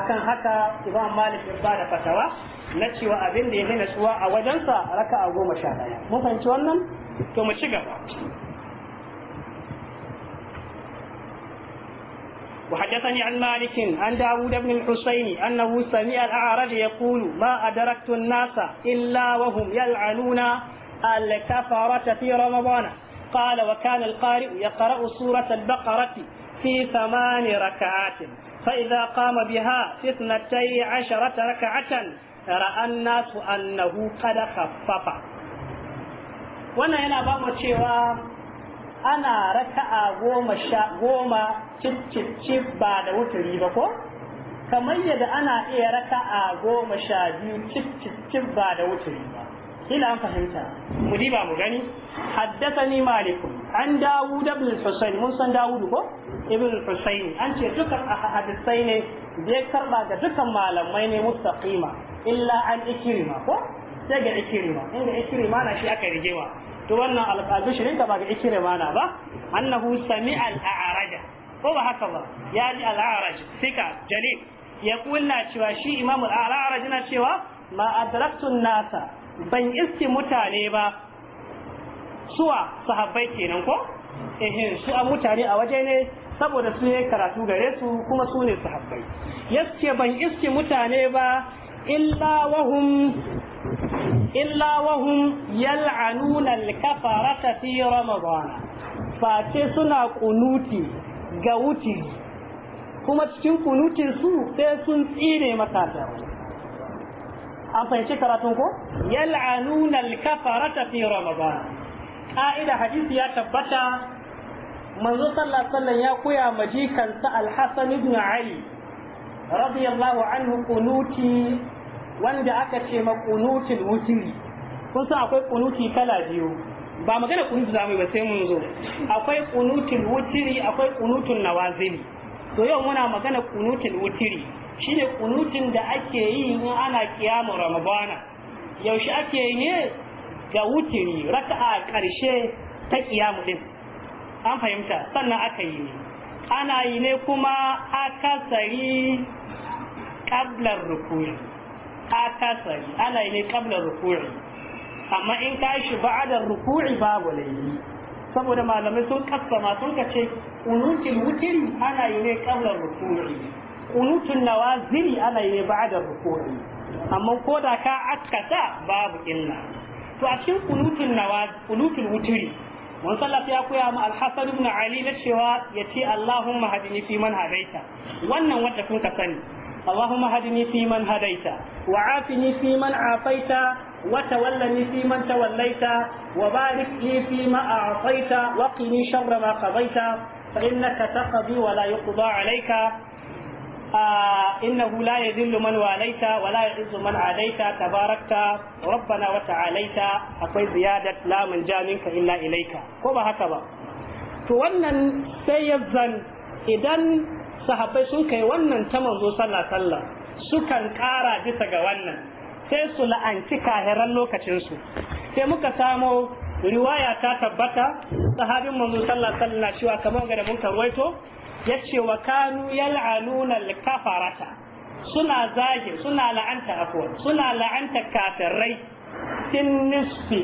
A: akan haka imam malik ya ba da fatawa na cewa abin da ya nuna suwa a wajensa raka'a goma sha daya, mun fahimci wannan to mu ci gaba وحدثني عن مالك عن داود بن الحسين أنه سمع الأعرج يقول ما أدركت الناس إلا وهم يلعنون الكفرة في رمضان قال وكان القارئ يقرأ سورة البقرة في ثمان ركعات فإذا قام بها في اثنتي عشرة ركعة رأى الناس أنه قد خفف وانا هنا بابا mu ana raka'a goma sha goma cif ba da wuturi ba ko kamar yadda ana iya raka'a goma sha biyu cif ba da wuturi ba Ila an fahimta mu diba mu gani haddathani malik an dawo da al-husayn mun san dawud ko ibn al an ce dukan hadisai ne da karba ga dukan malamai ne mustaqima illa an ikrima ko Sai ga ikrima inda ikrima na shi aka rigewa to wannan albishirin ta ba ga ikirma mana ba annahu sami'a al-a'raj ko ba haka ba ya ji al-a'raj sika jalil ya kulla cewa shi imamu al na cewa ma adraktu nasa ban iske mutane ba suwa sahabbai kenan ko eh su a mutane a waje ne saboda su ne karatu gare su kuma su ne sahabbai yace ban iske mutane ba illa wahum illa wahum yal'anuna al-kafarata fi ramadan face suna kunuti kuma cikin kunutin su sun tsine mata an fahimci karatun ko yal'anuna al-kafarata fi ramadan ka'ida hadisi ya tabbata manzo sallallahu ya koya majikansa al-hasan ibn ali radiyallahu anhu kunuti wanda aka ce ma kunutul wutiri, kun san akwai kunuti kala biyu ba magana kunuti zamu ba sai mun zo akwai kunutul wutiri, akwai kunutin nawazili to yau muna magana kunutul wutiri? shine kunutin da ake yi in ana kiyamu ramadana yaushe ake yi ne ga wutiri raka'a karshe ta kiyamu din an fahimta sannan aka yi ne ana yi ne kuma akasari kablar rukuni akasari ana yi kabla amma in ka shi ba'da ruku'i babu laifi saboda malamai sun kasama sun ce, qunutul wutri ana yi ne kabla ruku'i nawa ziri ana yi ne da rukuri amma ko da ka askata babu inna to a cikin qunutun nawa qunutul wutiri mun sallafi ya koya mu al-Hasan ibn Ali na cewa ce Allahumma hadini fi man hadaita wannan wanda kun ka sani اللهم هدني فيمن هديت وعافني فيمن عافيت وتولني فيمن توليت وبارك لي فيما أعطيت وقني شر ما قضيت فإنك تقضي ولا يقضى عليك آه إنه لا يذل من واليت ولا يعز من عاديت تباركت ربنا وتعاليت أقوي زيادة لا من جاء منك إلا إليك كما هكذا to wannan sai ya zan idan sahabbai sun kai wannan ta manzo sallah sallah sukan kara bisa ga wannan sai su la'anci kahiran lokacinsu sai muka samo riwaya ta tabbata sahabin manzo sallah sallah cewa kamar ga da mun karwaito ya ce wa kanu yal'anuna al-kafarata suna zage suna la'anta afuwa suna la'anta kafirai tin nisfi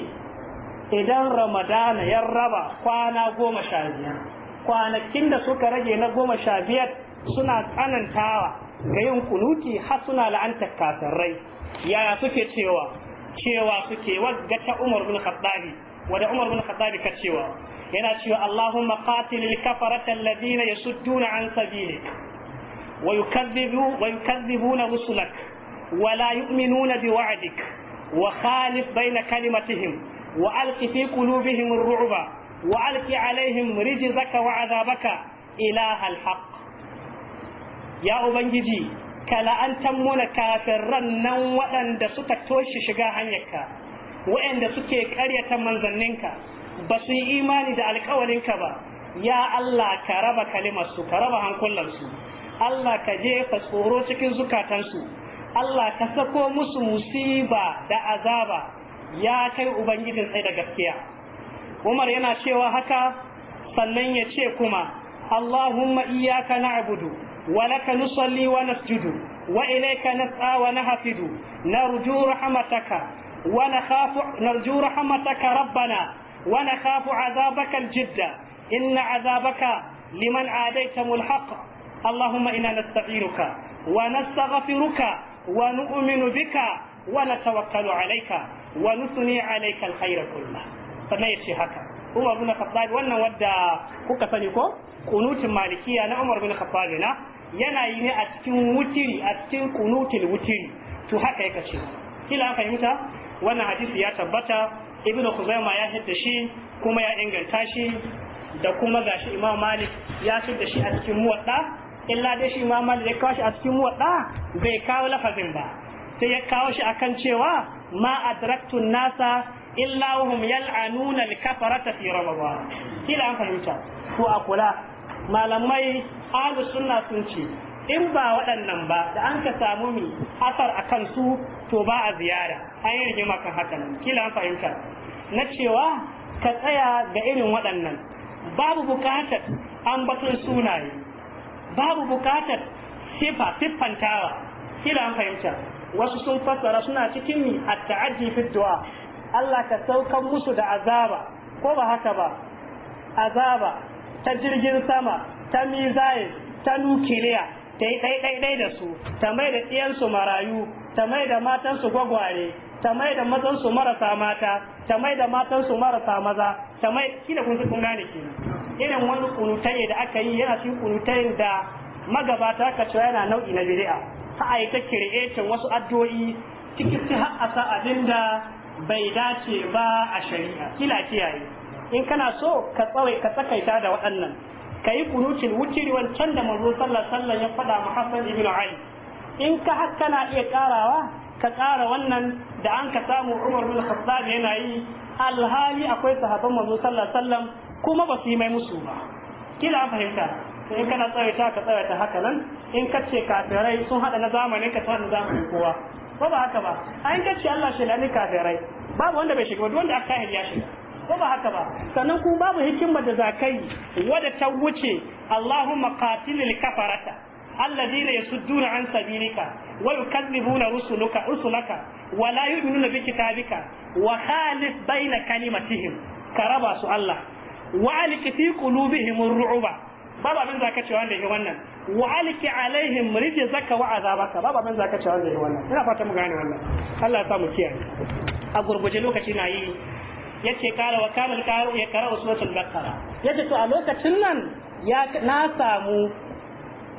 A: idan ramadana ya raba kwana goma sha biyar kwanakin da suka rage na goma sha biyar suna tsanantawa ga yin kunuti har suna la'antar kafirai yaya suke cewa cewa suke wadda ta Umar bin khattabi wadda Umar bin khattabi ka cewa yana cewa Allahumma qatilil kafarata alladhina yasudduna an sabilik wa yukadhibu wa yukadhibuna rusulak wa la yu'minuna bi wa'dik wa khalif bayna kalimatihim wa alqi fi qulubihim ar-ru'ba wa alqi alaihim rijzaka wa 'adhabaka ilaha al-haq ya ubangiji ka la'antar muna kafirran nan waɗanda suka toshe shiga hanyarka waɗanda suke ƙaryata manzanninka ba su yi imani da alkawalinka ba ya Allah ka raba kalimarsu ka raba hankulansu Allah ka jefa tsoro cikin zukatansu Allah ka sako musu musiba da azaba ya kai ubangijin sai da gaskiya Umar yana cewa haka sannan ya ce kuma Allahumma iyyaka na'budu ولك نصلي ونسجد وإليك نسعى ونهفد نرجو رحمتك ونخاف نرجو رحمتك ربنا ونخاف عذابك الجد إن عذابك لمن عاديت ملحق اللهم إنا نستعينك ونستغفرك ونؤمن بك ونتوكل عليك ونثني عليك الخير كله فما يشي هكذا بن الخطاب وانا ودى wadda kuka sani ko kunutin malikiya بن Umar yana yi ne a cikin wutiri a cikin kunutil wutiri to haka yake ce kila fahimta wannan hadisi ya tabbata ibnu khuzaima ya hadda shi kuma ya inganta shi da kuma gashi imam malik ya hidda shi a cikin muwadda illa dai shi imam malik ya kawo shi a cikin muwadda bai kawo lafazin ba sai ya kawo shi akan cewa ma adraktu nasa illa hum yal'anuna al-kafarata fi ramadan kila an fahimta ko akula malamai ahlus sunna sun ce in ba waɗannan ba da an ka samu mi asar a kansu to ba a ziyara an yi rigima kan haka nan kila an fahimta na cewa ka tsaya ga irin waɗannan babu bukatar batun sunaye babu bukatar sifa siffantawa kila an fahimta wasu sun fassara suna cikin mi a ta'addi fi Allah ka saukan musu da azaba ko ba haka ba azaba ta jirgin sama ta mizayil ta nukiliya ta yi ɗaiɗaiɗai da su ta mai da ɗiyansu marayu ta mai da matansu gwagware ta mai da matansu marasa mata ta mai da matansu marasa maza ta mai da kunsu kun gane kenan irin wani kunutai da aka yi yana cikin kunutai da magabata aka cewa yana nau'i na bid'a ta a yi ta kiretin wasu addu'o'i cikin har a sa abin da bai dace ba a shari'a kila kiyaye in kana so ka tsawai ka tsakaita da waɗannan ka yi kunutin wutiri wancan da manzo sallah sallah ya faɗa mu Hassan ibn Ali in ka har kana iya karawa ka kara wannan da an ka samu Umar bin Khattab yana yi alhali akwai sahabban manzo sallah sallam kuma ba su yi mai musu ba kila fahimta in kana tsawaita ka tsawaita haka nan in ka ce kafirai sun haɗa na zamani ka ta na zamanin kowa ko ba haka ba an ka ce Allah shi ne kafirai babu wanda bai shiga wanda aka ya shiga ko ba haka ba sannan kuma babu hikima da zakai wadda ta wuce Allahumma qatilil kafarata alladhina yasudduna an sabilika wa yukadzibuna rusuluka rusulaka wa la yu'minuna bi kitabika wa khalif baina kalimatihim karaba su Allah wa aliki fi qulubihim ar-ru'ba babu abin zaka cewa da wannan wa aliki alaihim rijzaka wa azabaka babu abin zaka cewa da wannan ina fata mu gane wannan Allah ya sa mu kiyaye a gurguje lokaci na yi yace kara wa kana al ya kara suratul baqara yace to a lokacin nan ya na samu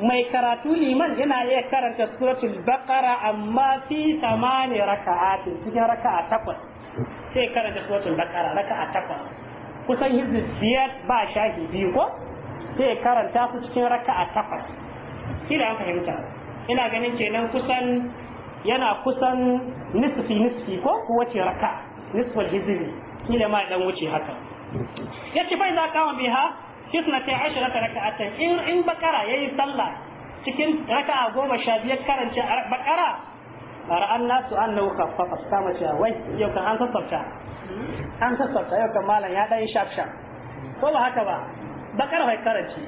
A: mai karatu liman yana iya karanta suratul baqara amma fi samani raka'atin cikin raka'a takwas sai karanta suratul baqara raka'a takwas kusan hizbi biyar ba shahi biyu ko sai karanta su cikin raka'a takwas kila an fahimta ina ganin kenan kusan yana kusan nisfi nisfi ko wace raka'a nisfal hizbi kila ma dan wuce haka yace fa idza qama biha kisnata asharata rak'atan in in bakara yi sallah cikin raka a goma sha biyar karanta bakara ra'an nasu annahu khaffafa kama cewa wai yau kan an sassauta an sassafta yau kan malam ya dan shaf shaf ko ba haka ba bakara bai karanci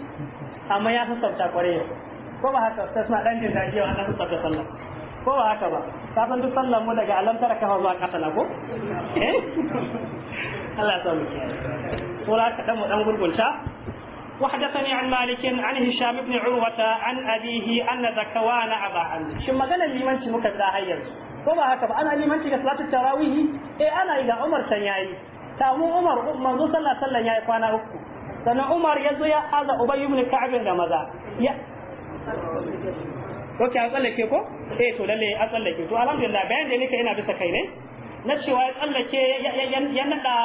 A: amma ya sassauta kwarai ko ba haka sai suna dan jin dajiya an sassauta sallah ko ba haka ba ka san duk sallan mu daga alamtar kafa zuwa katala ko Allah ya samu kiyaye ko la ka dan mu dan gurgunta وحدثني عن مالك عن هشام بن عروة عن أبيه أن ذكوان أبا عمرو شو مغانا لمن شمك الزاهية وما هكذا أنا لمن شمك صلاة التراويح إيه أنا إذا عمر سنياي تامو عمر منذ صلى صلى الله عليه وسلم سنة عمر يزوي هذا أبي بن كعب لماذا ko ki an tsallake ko eh to lalle an tsallake to alhamdulillah bayan da nika yana bisa kai ne na cewa ya tsallake ya nada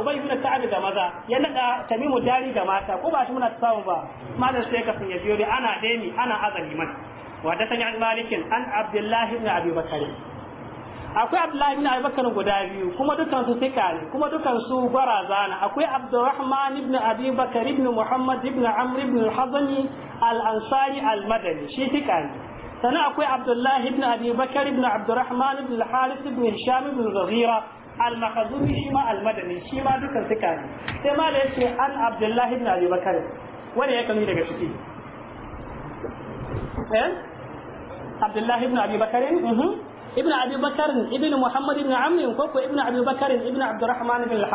A: ubay ta sa'ad da maza ya nada tamimu dari da mata ko ba shi muna samu ba madan sai ka sun yabiyo ana demi ana azali man wa da sanya malikin an abdullahi ibn abi bakari akwai abdullahi ibn abubakar guda biyu kuma dukan su sika ne kuma dukan su gwaraza ne akwai abdurrahman ibn abi ibn muhammad ibn amr ibn al-hazani al-ansari al-madani shi sika ne sannan akwai abdullahi ibn abi ibn abdurrahman ibn al-harith ibn hisham ibn zaghira al-makhzumi shi ma al-madani shi ma dukan sika ne sai ma da yace an abdullahi ibn abi bakar wanda ya kami daga ciki eh abdullahi ibn abi mhm ibn abi ibn muhammad ibn amr ko ko ibn abi ibn abdurrahman ibn al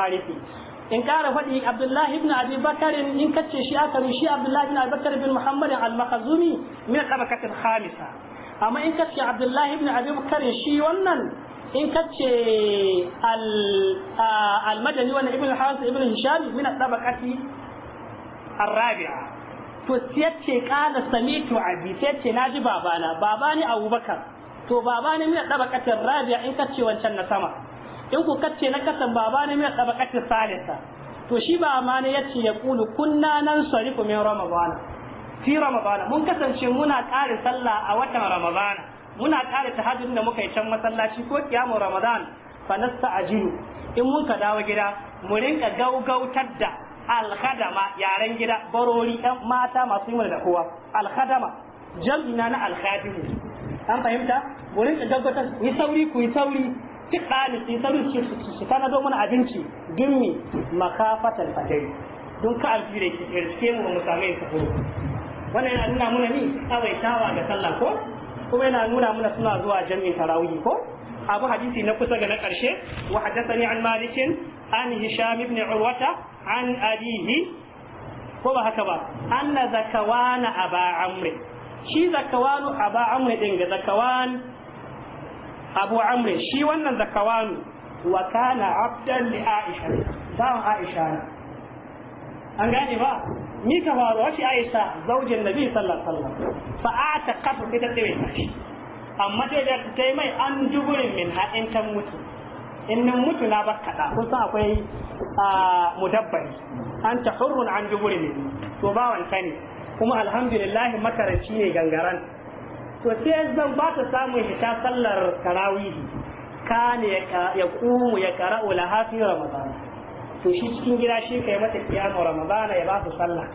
A: in kara faɗi abdullahi ibn abi bakar in kace shi aka shi abdullahi ibn abi ibn muhammad al-makhzumi min tabaqat al-khamisa amma in kace abdullahi ibn abi shi wannan in kace al-madani ibn al-haris ibn hisham min tabaqati to sai ce kana samitu abi sai ce naji babana babani abubakar to baba ne mina dabaqatir rabi'a in kace wancan na sama in ku kace na kasan baba ne mina dabaqatir salisa to shi ba ma ne yace ya kulu kunna nan sarifu min ramadana fi ramadana mun kasance muna ƙara sallah a watan ramadana muna ƙare tahajjud da muka yi can masallaci ko kiyamu ramadan fa nasta'jilu in mun ka dawo gida mu rinka gaugautar da alkhadama yaren gida barori ɗan mata masu yi da kowa alkhadama jam'ina na alkhadimu an fahimta wurin da tabbatar yi sauri ku yi sauri duk su yi sauri su mana abinci gimmi makafatan fadai don ka an fire ki irske mu mu samu yin wannan yana nuna muna ni tsawaitawa ga sallah ko kuma yana nuna muna suna zuwa jami'in tarawih ko abu hadisi na kusa ga na ƙarshe wa ni an malikin an hisham ibn urwata an abihi ko ba haka ba anna zakawana aba amri shi zakawanu aba amri din ga zakawan abu amri shi wannan zakawanu wa kana abdan li aisha dan aisha na an gane ba ni ka faru wace aisha zaujin nabi sallallahu alaihi wasallam fa ataqatu ita tsaye shi amma dai da ta mai an juburin min haɗin ta mutu in mutu na ba kaɗa kusa akwai ah, mudabbari an ta hurrun an juburin min to ba wani sani kuma alhamdulillah makaranci ne gangaran to sai zan ba ta samun hita sallar tarawihi kane ya kumu ya kara'u lahafi fi ramadan to shi cikin gida shi kai mata kiyamu ramadan ya ba su sallah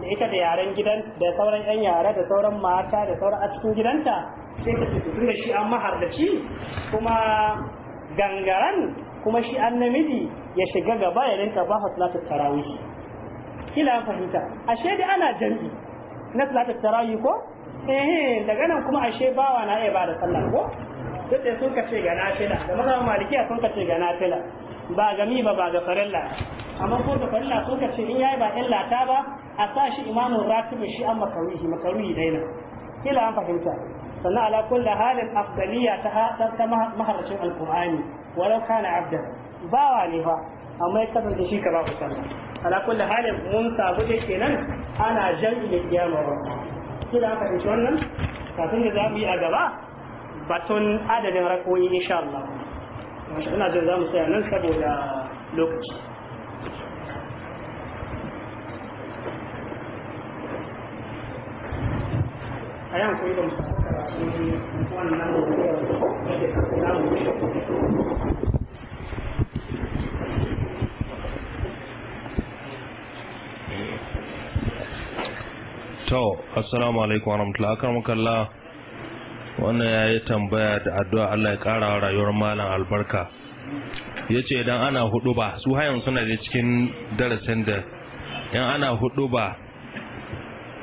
A: da ita da yaren gidan da sauran yan yara da sauran mata da sauran a cikin gidanta sai ka tafi da shi an shi. kuma gangaran kuma shi an namiji ya shiga gaba ya rinka ba salatu tarawih kila fahimta ashe dai ana jami'i na salatul tarawih ko eh daga nan kuma ashe bawa na iya bada sallah ko duk da sun kace ga nafila da mazan malikiya sun kace ga nafila ba gami ba ba ga farilla amma ko da farilla sun kace in yayi ba illa ta ba a sa shi imamun ratibin shi an makaruhi makaruhi daina kila an fahimta sannan ala kulli halin afdaliya ta ta maharracin alqur'ani walau kana abdan bawa ne fa amma ya kasance shi ku kusan ala kulli halin mun sabu da kenan ana jan da kiyama ba wa da aka dace wannan kafin da za mu yi a gaba batun adadin rakoyi insha Allah ina jin za mu tsaya nan saboda lokaci a yan koyi da musamman wannan da ke samu
B: to assalamu alaikum wa rahmatullahi wa makalla wannan ya yi tambaya da addu'a Allah ya kara rayuwar malam albarka ya ce idan ana hudu ba su hayan suna da cikin darasin da idan ana hudu ba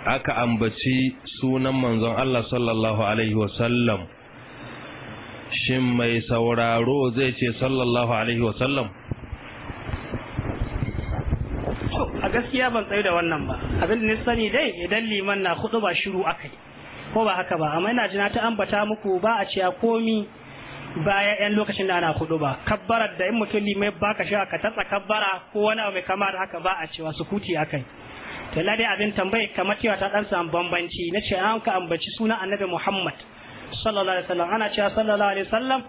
B: aka ambaci sunan manzon Allah sallallahu alaihi wa sallam. shin mai sauraro zai ce sallallahu alaihi wa sallam?
A: to a gaskiya ban tsaye da wannan ba abin da sani dai idan liman na kudu ba shiru akai ko ba haka ba amma ina jina ta ambata muku ba a ciya komi baya yan lokacin da ana kudu ba kabbarar da in mutum limai baka shi ka tatsa kabbara ko wani abu mai kama da haka ba a cewa sukuti akai to dai abin tambayi kamar cewa ta dan samu bambanci na ce an ka ambaci sunan annabi Muhammad sallallahu alaihi wasallam ana cewa sallallahu alaihi wasallam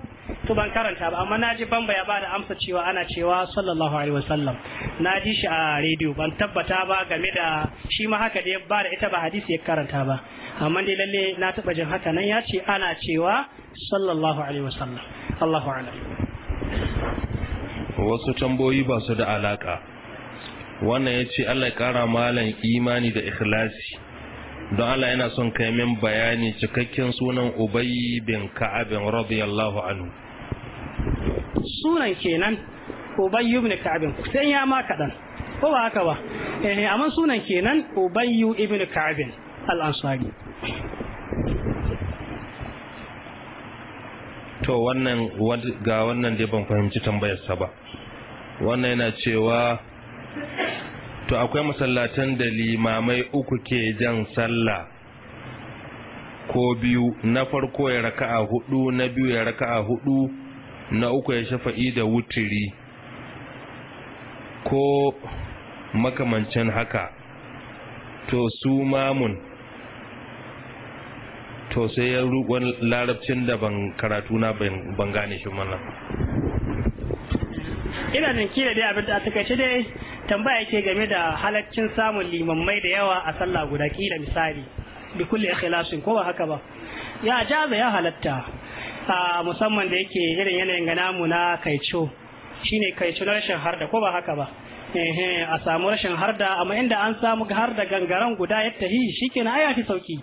A: to ban karanta ba amma naji bamba ya bada amsa cewa ana cewa sallallahu alaihi wasallam naji shi a rediyo ban tabbata ba game da shi ma haka da ya bada ita ba hadisi ya karanta ba amma dai lalle na taba jin haka nan ya ce ana cewa sallallahu alaihi wasallam Allahu a'lam
B: wasu tamboyi ba su da alaka wannan ya ce Allah ya kara malam imani da ikhlasi don Allah yana son kai min bayani cikakken sunan Ubay bin Ka'ab radiyallahu anhu
A: sunan kenan ubayyu ibn ka'ab sai ya ma kadan ko ba haka ba eh amma sunan kenan ubayyu ibn ka'ab al-ansari
B: to wannan ga wannan dai ban fahimci tambayar sa ba wannan yana cewa to akwai masallatan da limamai uku ke jan sallah ko biyu na farko ya raka'a hudu na biyu ya raka'a hudu na uku ya shafa'i da wutiri ko makamancin haka to su mamun to sai ya rukun larabcin da ban karatu na ban gane shi mana
A: ina nan kila dai abin da aka takaice dai tambaya yake game da halaccin samun limammai da yawa a sallah guda kila misali bi kulli ikhlasin ko ba haka ba ya jaza ya halatta a musamman da yake irin yanayin ga namu na kaico ne kaico na rashin harda ko ba haka ba a samu rashin harda amma inda an samu harda gangaren guda ya tahi ke na fi sauki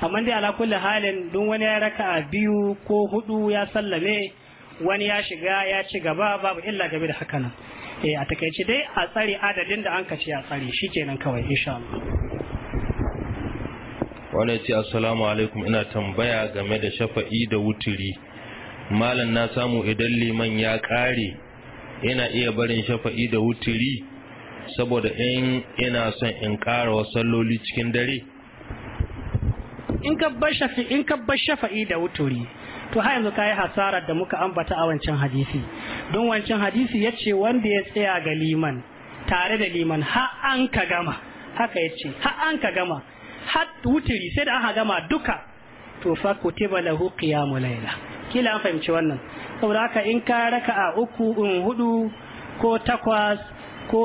A: amma dai ala halin duk wani ya raka a biyu ko hudu ya sallame wani ya shiga ya ci gaba babu illa game da hakanan nan, eh, a takaice dai a tsari adadin da an kace a tsari shi kenan kawai insha Allah
B: wani ce assalamu alaikum ina tambaya game da shafa'i da wuturi malam na samu idan liman ya kare ina iya barin shafa'i da wuturi saboda in ina son in kara wa cikin dare
A: in ka shafa'i da wuturi to har yanzu kai hasara da muka ambata a wancan hadisi don wancan hadisi yace wanda ya tsaya ga liman tare da liman har an ka gama haka yace har an ka gama har wutiri sai da aka gama duka to fa kutiba lahu qiyamul layla kila an fahimci wannan saboda haka in ka raka'a uku in um, hudu ko takwas ko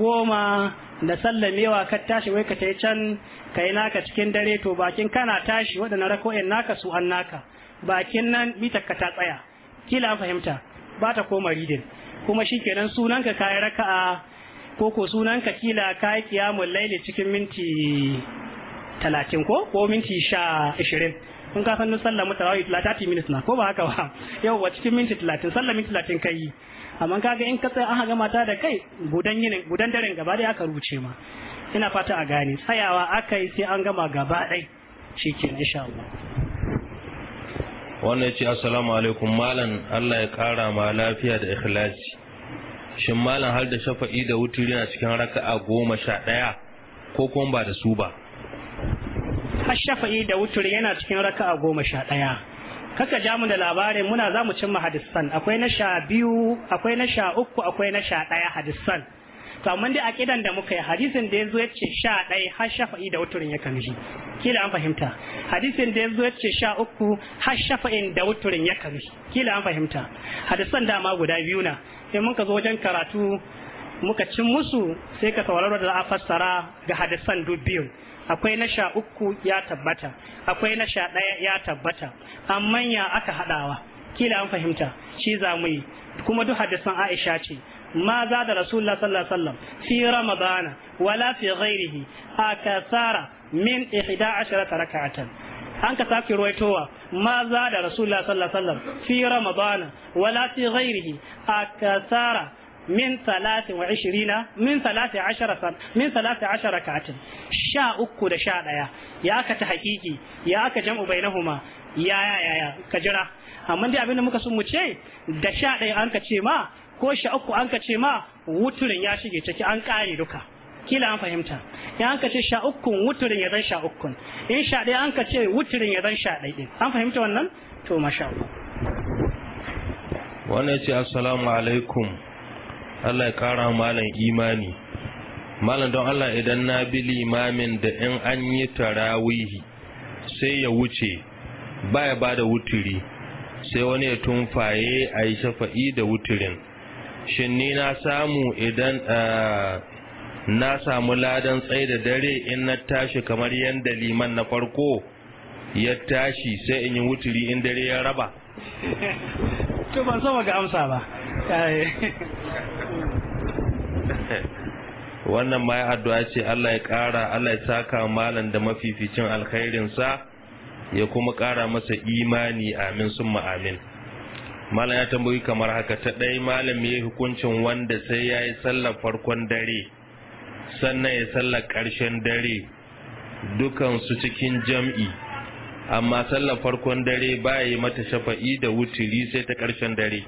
A: goma da sallamewa ka tashi wai ka tai can ka yi naka cikin dare to bakin kana tashi waɗannan rako'in naka su an naka bakin nan mitar ka ta tsaya kila an fahimta ba ta koma ridin kuma shikenan sunanka kayi raka'a ko ko sunanka kila kayi kiyamul laili cikin minti talatin ko ko minti sha ishirin kun ka san sallar mu tarawih 30 minutes na ko ba haka ba (laughs) yau wa cikin minti talatin sallar minti talatin kai amma kaga in ka tsaya an gama mata da kai gudan yinin gudan daren gaba da aka ruce ma ina fata a gane tsayawa aka yi sai an gama gaba ɗai shi ke insha Allah.
B: wannan ce assalamu alaikum malam Allah ya kara ma lafiya da ikhlasi shin malam har da shafa'i da wuturi na cikin raka'a goma sha ɗaya ko kuma ba da su ba
A: har shafa'i da wutur yana cikin raka'a goma sha ɗaya kaka ja mu da labarin muna za mu cimma hadisan akwai na sha biyu akwai na sha uku akwai na sha ɗaya hadisan to amma dai akidan da muka yi hadisin da yazo yace sha ɗaya har shafa'i da wuturin ya kamshi kila an fahimta hadisin da yazo yace sha uku har shafa'in da wuturin ya kamshi kila an fahimta hadisan dama guda biyu na sai mun ka zo wajen karatu muka cin musu sai ka sauraro da a fassara ga hadisan duk biyu. akwai na sha uku ya tabbata akwai na sha ɗaya ya tabbata amma ya aka haɗawa kila an fahimta shi za mu yi kuma duk hadisan Aisha ce ma za da Rasulullah sallallahu alaihi wasallam fi Ramadana wala fi ghairihi akasara min 11 rak'atan an ka sake ruwaitowa ma za da Rasulullah sallallahu alaihi wasallam fi Ramadana wala fi ghairihi akasara min talatin wa ishirina min talatin ashara san min talatin ashara katin sha uku da sha daya ya aka ta hakiki ya aka jam'u bainahuma ya ya ya ya ka jira amma dai abinda muka sun mu ce da sha daya an ka ce ma ko sha uku an ka ce ma wuturin ya shige ciki an kare duka kila an fahimta in an ka ce sha uku wuturin ya zan sha uku in sha daya an ka ce wuturin ya zan sha ɗaya an fahimta wannan to masha Allah
B: Wani ya ce assalamu alaikum Allah ya kara malam imani malam don Allah idan na bi limamin da in an yi tarawihi sai ya wuce baya ba da wuturi sai wani ya tumfaye a yi shafa'i da wuturin shin ni na samu idan eh, na samu ladan tsaye da dare in na tashi kamar yadda liman na farko ya tashi sai in yi wuturi in dare ya raba
A: to ba zama ga amsa ba
B: (laughs) wannan ma ya addu'a ce Allah ya ƙara Allah ya saka malam da mafificin alkhairinsa ya kuma ƙara masa imani amin summa amin malam ya tambayi kamar haka ta ɗai malam ya hukuncin wanda sai ya yi sallar farkon dare sannan ya sallar ƙarshen dare dukansu cikin jam'i amma sallar farkon dare ba yi mata shafa'i da wuturi sai ta ƙarshen dare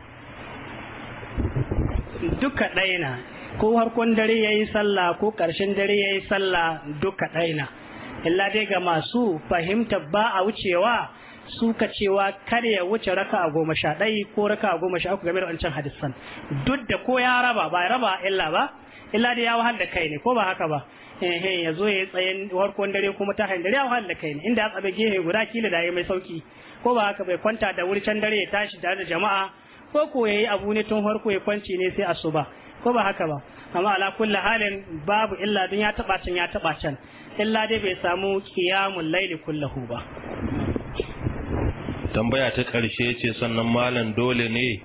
A: duka ɗaya na ko harkon dare ya yi sallah ko karshen dare ya yi sallah duka ɗaina. illa dai ga masu fahimta ba a wucewa suka cewa kar ya wuce raka a goma sha ɗai ko raka a goma sha uku game da wancan hadisan duk da ko ya raba ba raba illa ba illa dai ya wahal da kai ne ko ba haka ba eh ya zo ya tsayen warkon dare kuma ta hanyar ya da kai ne inda ya tsabe gehe guda kila da ya mai sauki ko ba haka bai kwanta da wuri can dare ya tashi tare da jama'a ko ko yayi abu ne tun farko ya kwanci ne sai asuba ko ba haka ba amma ala kulli halin babu illa dun ya taba can ya taba can illa dai bai samu qiyamul laili kullahu ba
B: tambaya ta karshe ce sannan malam dole ne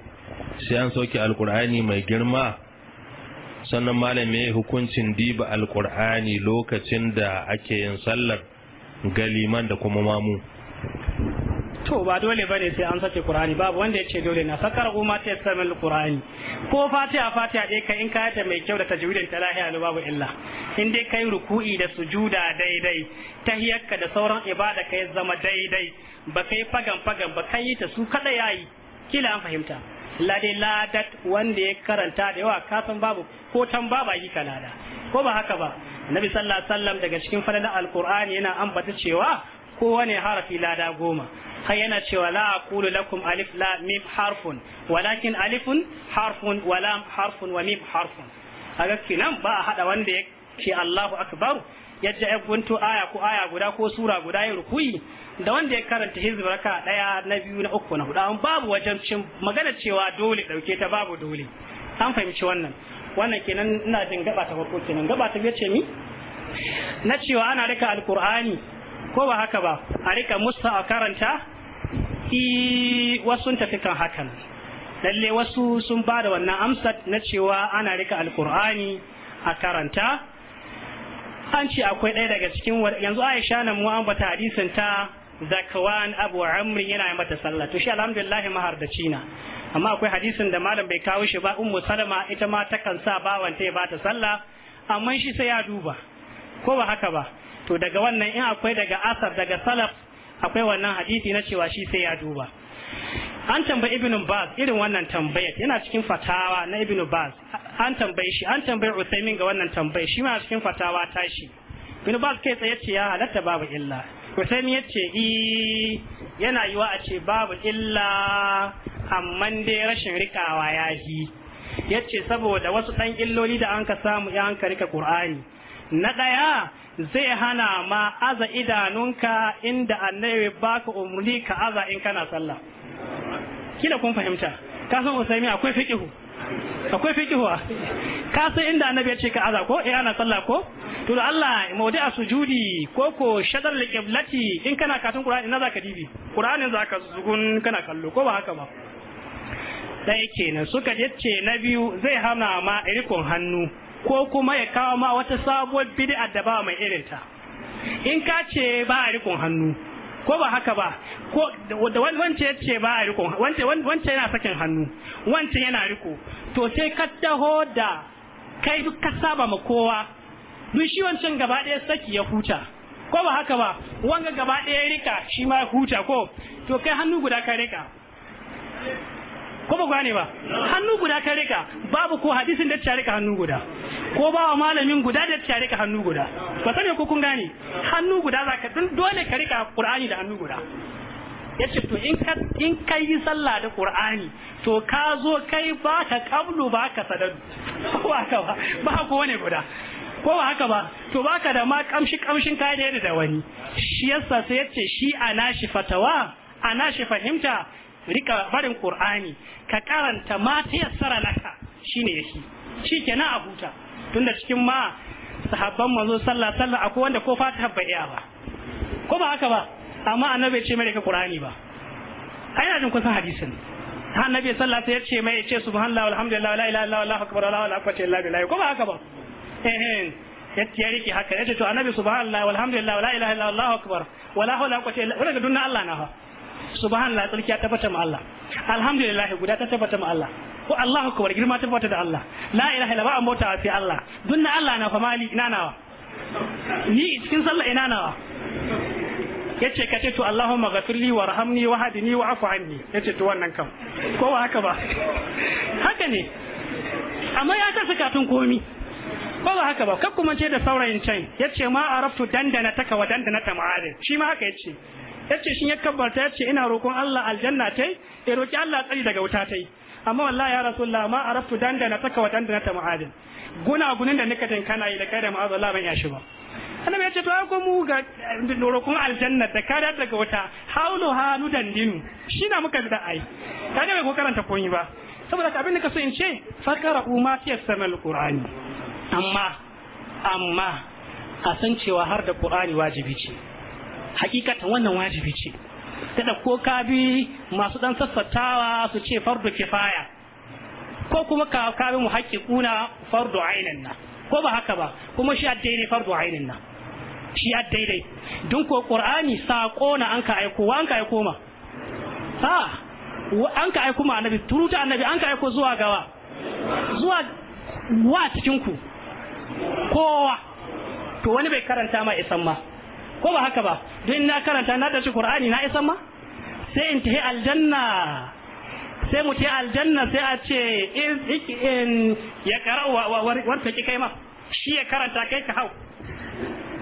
B: sai an sauke alkur'ani mai girma sannan malam me hukuncin diba alkur'ani lokacin da ake yin sallar galiman da kuma mamu
A: to ba dole bane sai an sace qur'ani babu wanda ya ce dole na sakar goma ta yasa min qur'ani ko fatiha fatiha dai kai in ka ta mai kyau da tajwidin ta lahiya babu illa in dai kai ruku'i da sujuda daidai tahiyakka da sauran ibada kai zama daidai ba kai fagan fagan ba kai ta su kada yayi kila an fahimta lade ladat wanda ya karanta da yawa kasan babu ko tan babu yi kalada ko ba haka ba nabi sallallahu alaihi wasallam daga cikin fadalar alqur'ani yana ambata cewa kowane harafi lada goma har yana cewa la aqulu lakum alif la mim harfun walakin alifun harfun wa lam harfun wa mim harfun kaga kinan ba a hada wanda ya ce Allahu akbar yadda ya gunto aya ko aya guda ko sura guda ya rukuyi da wanda ya karanta hizb raka daya na biyu na uku na hudu an babu wajen cin magana cewa dole dauke ta babu dole an fahimci wannan wannan kenan ina jin gaba ta farko kenan gaba ta ce mi na cewa ana rika alqur'ani ko ba haka ba a rika musta a karanta i wasu tafi kan hakan lalle wasu sun ba da wannan amsa na cewa ana rika alkur'ani a karanta an ce akwai ɗaya daga cikin yanzu aisha na mu ambata hadisin ta zakawan abu amri yana yi mata sallah to shi alhamdulillah mahar da cina amma akwai hadisin da malam bai kawo shi ba in salama ita ma takan sa bawanta ya bata sallah amma shi sai ya duba ko ba haka ba to daga wannan in akwai daga asar daga salaf akwai wannan hadisi na cewa shi sai ya duba an tambayi ibn baz irin wannan tambayar yana cikin fatawa na ibn baz an tambaye shi an tambayi usaimin ga wannan tambayi shi ma cikin fatawa ta shi ibn baz kai tsaye ce ya halatta babu illa usaimin ya ce e, yana yiwa a ce babu illa amma dai rashin rikawa ya yi ya ce saboda wasu ɗan illoli da an ka samu ya an ka rika ƙur'ani na ɗaya zai hana ma aza idanunka inda annabi baka umuri ka aza in kana sallah kila kun fahimta ka san usaimi akwai fiqihu akwai fiqihu ka san inda annabi ya ce ka aza ko eh ana sallah ko to da Allah mawdi'a sujudi ko ko shadar liqiblati in kana katun qur'ani na zaka dibi qur'anin zaka zugun kana kallo ko ba haka ba dai kenan suka yace na biyu zai hana ma rikon hannu ko kuma ya kawo ma wata sabuwar bid'a da ba mai irinta in ka ce ba a rikon hannu ko ba haka ba ko da wance yace ba a rikon wance wance yana sakin hannu wance yana riko to sai ka taho da kai duk ka saba ma kowa duk shi wancan gaba ɗaya saki ya huta ko ba haka ba wanga gaba ɗaya rika shi ma ya huta ko to kai hannu guda ka rika ko ba gane ba hannu guda ka rika babu ko hadisin da ta rika hannu guda ko ba wa malamin guda da ta rika hannu guda ba sani ko kun gane hannu guda zaka dun dole ka rika qur'ani da hannu guda yace to in ka in kai yi sallah da qur'ani to ka zo kai ba ka kablu ba ka sadadu (laughs) ba ka ba ba ko wani guda ko ba haka ba to baka da ma kamshi kamshin kai da da wani shi yasa sai yace shi ana shi fatawa ana shi fahimta rika barin qur'ani ka karanta ma ta yassara laka shine yashi shikenan a huta tunda cikin ma sahabban manzo sallallahu alaihi wasallam akwai wanda ko fatiha bai iya ba ko ba haka ba amma annabi ce mai ka qur'ani ba ai na jin kusan hadisin annabi sallallahu alaihi wasallam ya ce mai ya ce subhanallahi walhamdulillah la ilaha illallah wallahu akbar la ilaha illa billah ko ba haka ba eh eh ya rike haka yace to annabi subhanallahi walhamdulillah la ilaha illallah wallahu akbar wala hawla wala quwwata illa billah dunna Allah na ha subhanallah tsarkiya tabbata ma Allah alhamdulillah guda ta tabbata ma Allah ko Allahu akbar girma tabbata da Allah la ilaha illa ba mota sai Allah dunna Allah na famali ina nawa ni cikin sallah ina nawa yace ka ce to Allahumma ghafirli warhamni wahdini wa'fu anni yace to wannan kam ko ba haka ba haka ne amma ya ta sakatun komi ko ba haka ba kar ce da saurayin can yace ma arabtu dandana taka wa dandana ta ma'adin shi ma haka yace yace shin ya kabbarta yace ina roƙon Allah aljanna tai ya roki Allah tsari daga wuta tai amma wallahi ya rasulullah ma araftu dandana taka wa dandana ta mu'adin guna gunin da nika kana yi da kai da mu'adin Allah ban shi ba annabi yace to ko mu ga eh, roƙon aljanna da kada daga wuta haulu hanu dandinu shi na muka da ai kaga bai ko karanta koyi ba saboda abin da so in ce fakara umma fi samal qur'ani amma amma a san cewa har da qur'ani wajibi ce hakikatan wannan wajibi ce kada ko ka bi masu dan sassatawa su ce fardu kifaya ko kuma ka ka bi muhaqqiquna fardu ainin na ko ba haka ba kuma shi addai fardu ainin na shi addai dai dun ko qur'ani sako na an ka aiko wa an ka aiko ma ha an ka aiko ma annabi turuta annabi an ka aiko zuwa gawa zuwa wa cikin ku kowa to wani bai karanta ma isan ma ko ba haka ba don na karanta na ɗauki qur'ani na isan ma sai in tahi aljanna sai mu ce aljanna sai a ce in ya kara warta ki kai ma shi ya karanta kai ka hau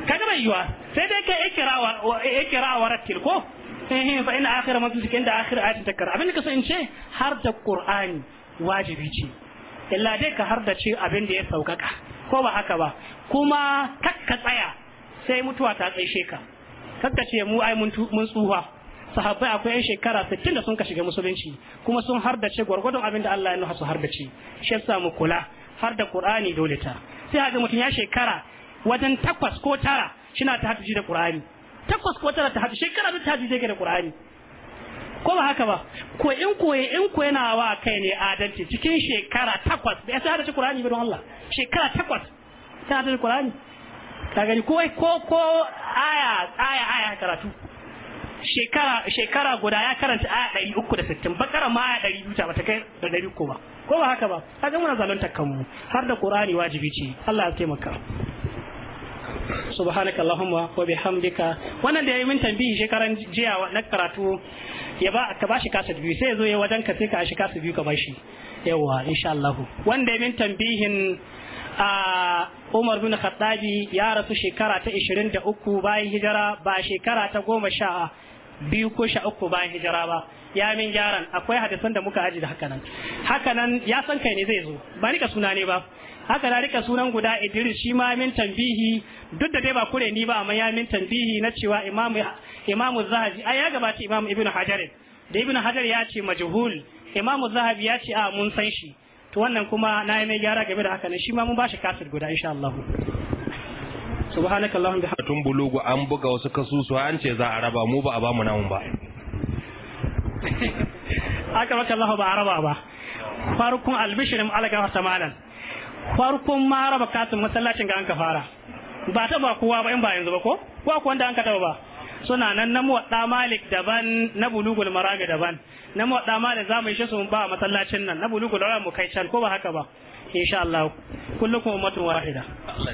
A: kaga bai yiwa sai dai kai ikira wa rattil ko eh fa ina akhira ma tuske inda akhira ayatin takar abin da in ce har da qur'ani wajibi ce illa dai ka har da ce abin da ya saukaka ko ba haka ba kuma kakka tsaya sai mutuwa ta tsaishe ka kakka ce mu ai mun tsuha, sahabbai akwai yan shekara 60 da sun ka shiga musulunci kuma sun hardace gwargwadon abin da Allah ya nuna su ce shi yasa mu kula har da Qur'ani dole ta sai haka mutum ya shekara wajen takwas ko tara shina ta hadisi da Qur'ani takwas ko tara ta hadisi shekara duk ta haddace da Qur'ani ko ba haka ba ko in koyi in koyi na wa kai ne adalci cikin shekara takwas bai sai hadisi Qur'ani ba don Allah shekara takwas ta hadisi Qur'ani ka gani ko ko ko aya aya aya karatu shekara shekara guda ya karanta aya 360 bakara ma aya 200 ta bata kai da dari ko ba ko ba haka ba kaga muna zalunta kanmu har da qur'ani wajibi ce Allah ya taimaka subhanaka allahumma wa bihamdika wannan da yayi min tambihi shekaran jiya na karatu ya ba ka bashi kasa biyu sai ya zo ya wajen ka sai ka shi kasa biyu ka bashi yawa insha Allah wanda yayi min tambihin a Umar bin Khattabi ya rasu shekara ta 23 bayan hijira ba shekara ta sha biyu ko sha uku bayan hijira ba ya min gyaran akwai hadisan da muka aji da hakanan hakanan ya san kai ne zai zo ba rika suna ne ba haka na rika sunan guda Idris shi ma min tambihi duk da dai ba kure ni ba amma ya min tambihi na cewa imamu imamu Zahabi ai ya gabata imamu ibnu Hajar da ibnu Hajar ya ce majhul imamu Zahabi ya ce a mun san shi to wannan kuma na yi mai gyara game da haka ne shi ma mun shi kafir guda insha Allah
B: subhanakallahu bihamdika tun bulugu an buga wasu kasusu an ce za a raba mu ba a ba mu namun ba (laughs)
A: aka maka Allah ba a raba ba farkon albishirin alaka wa malam farkon ma raba katin masallacin ga an ka fara ba ta ba kowa ba in ba yanzu ba ko ko wanda an ka taba ba suna nan na muwadda malik daban na bulugul maraga daban na muwadda malik zamu yi shi su ba masallacin nan na bulugul mu kai can ko ba haka ba insha Allah kullukum ummatun wahida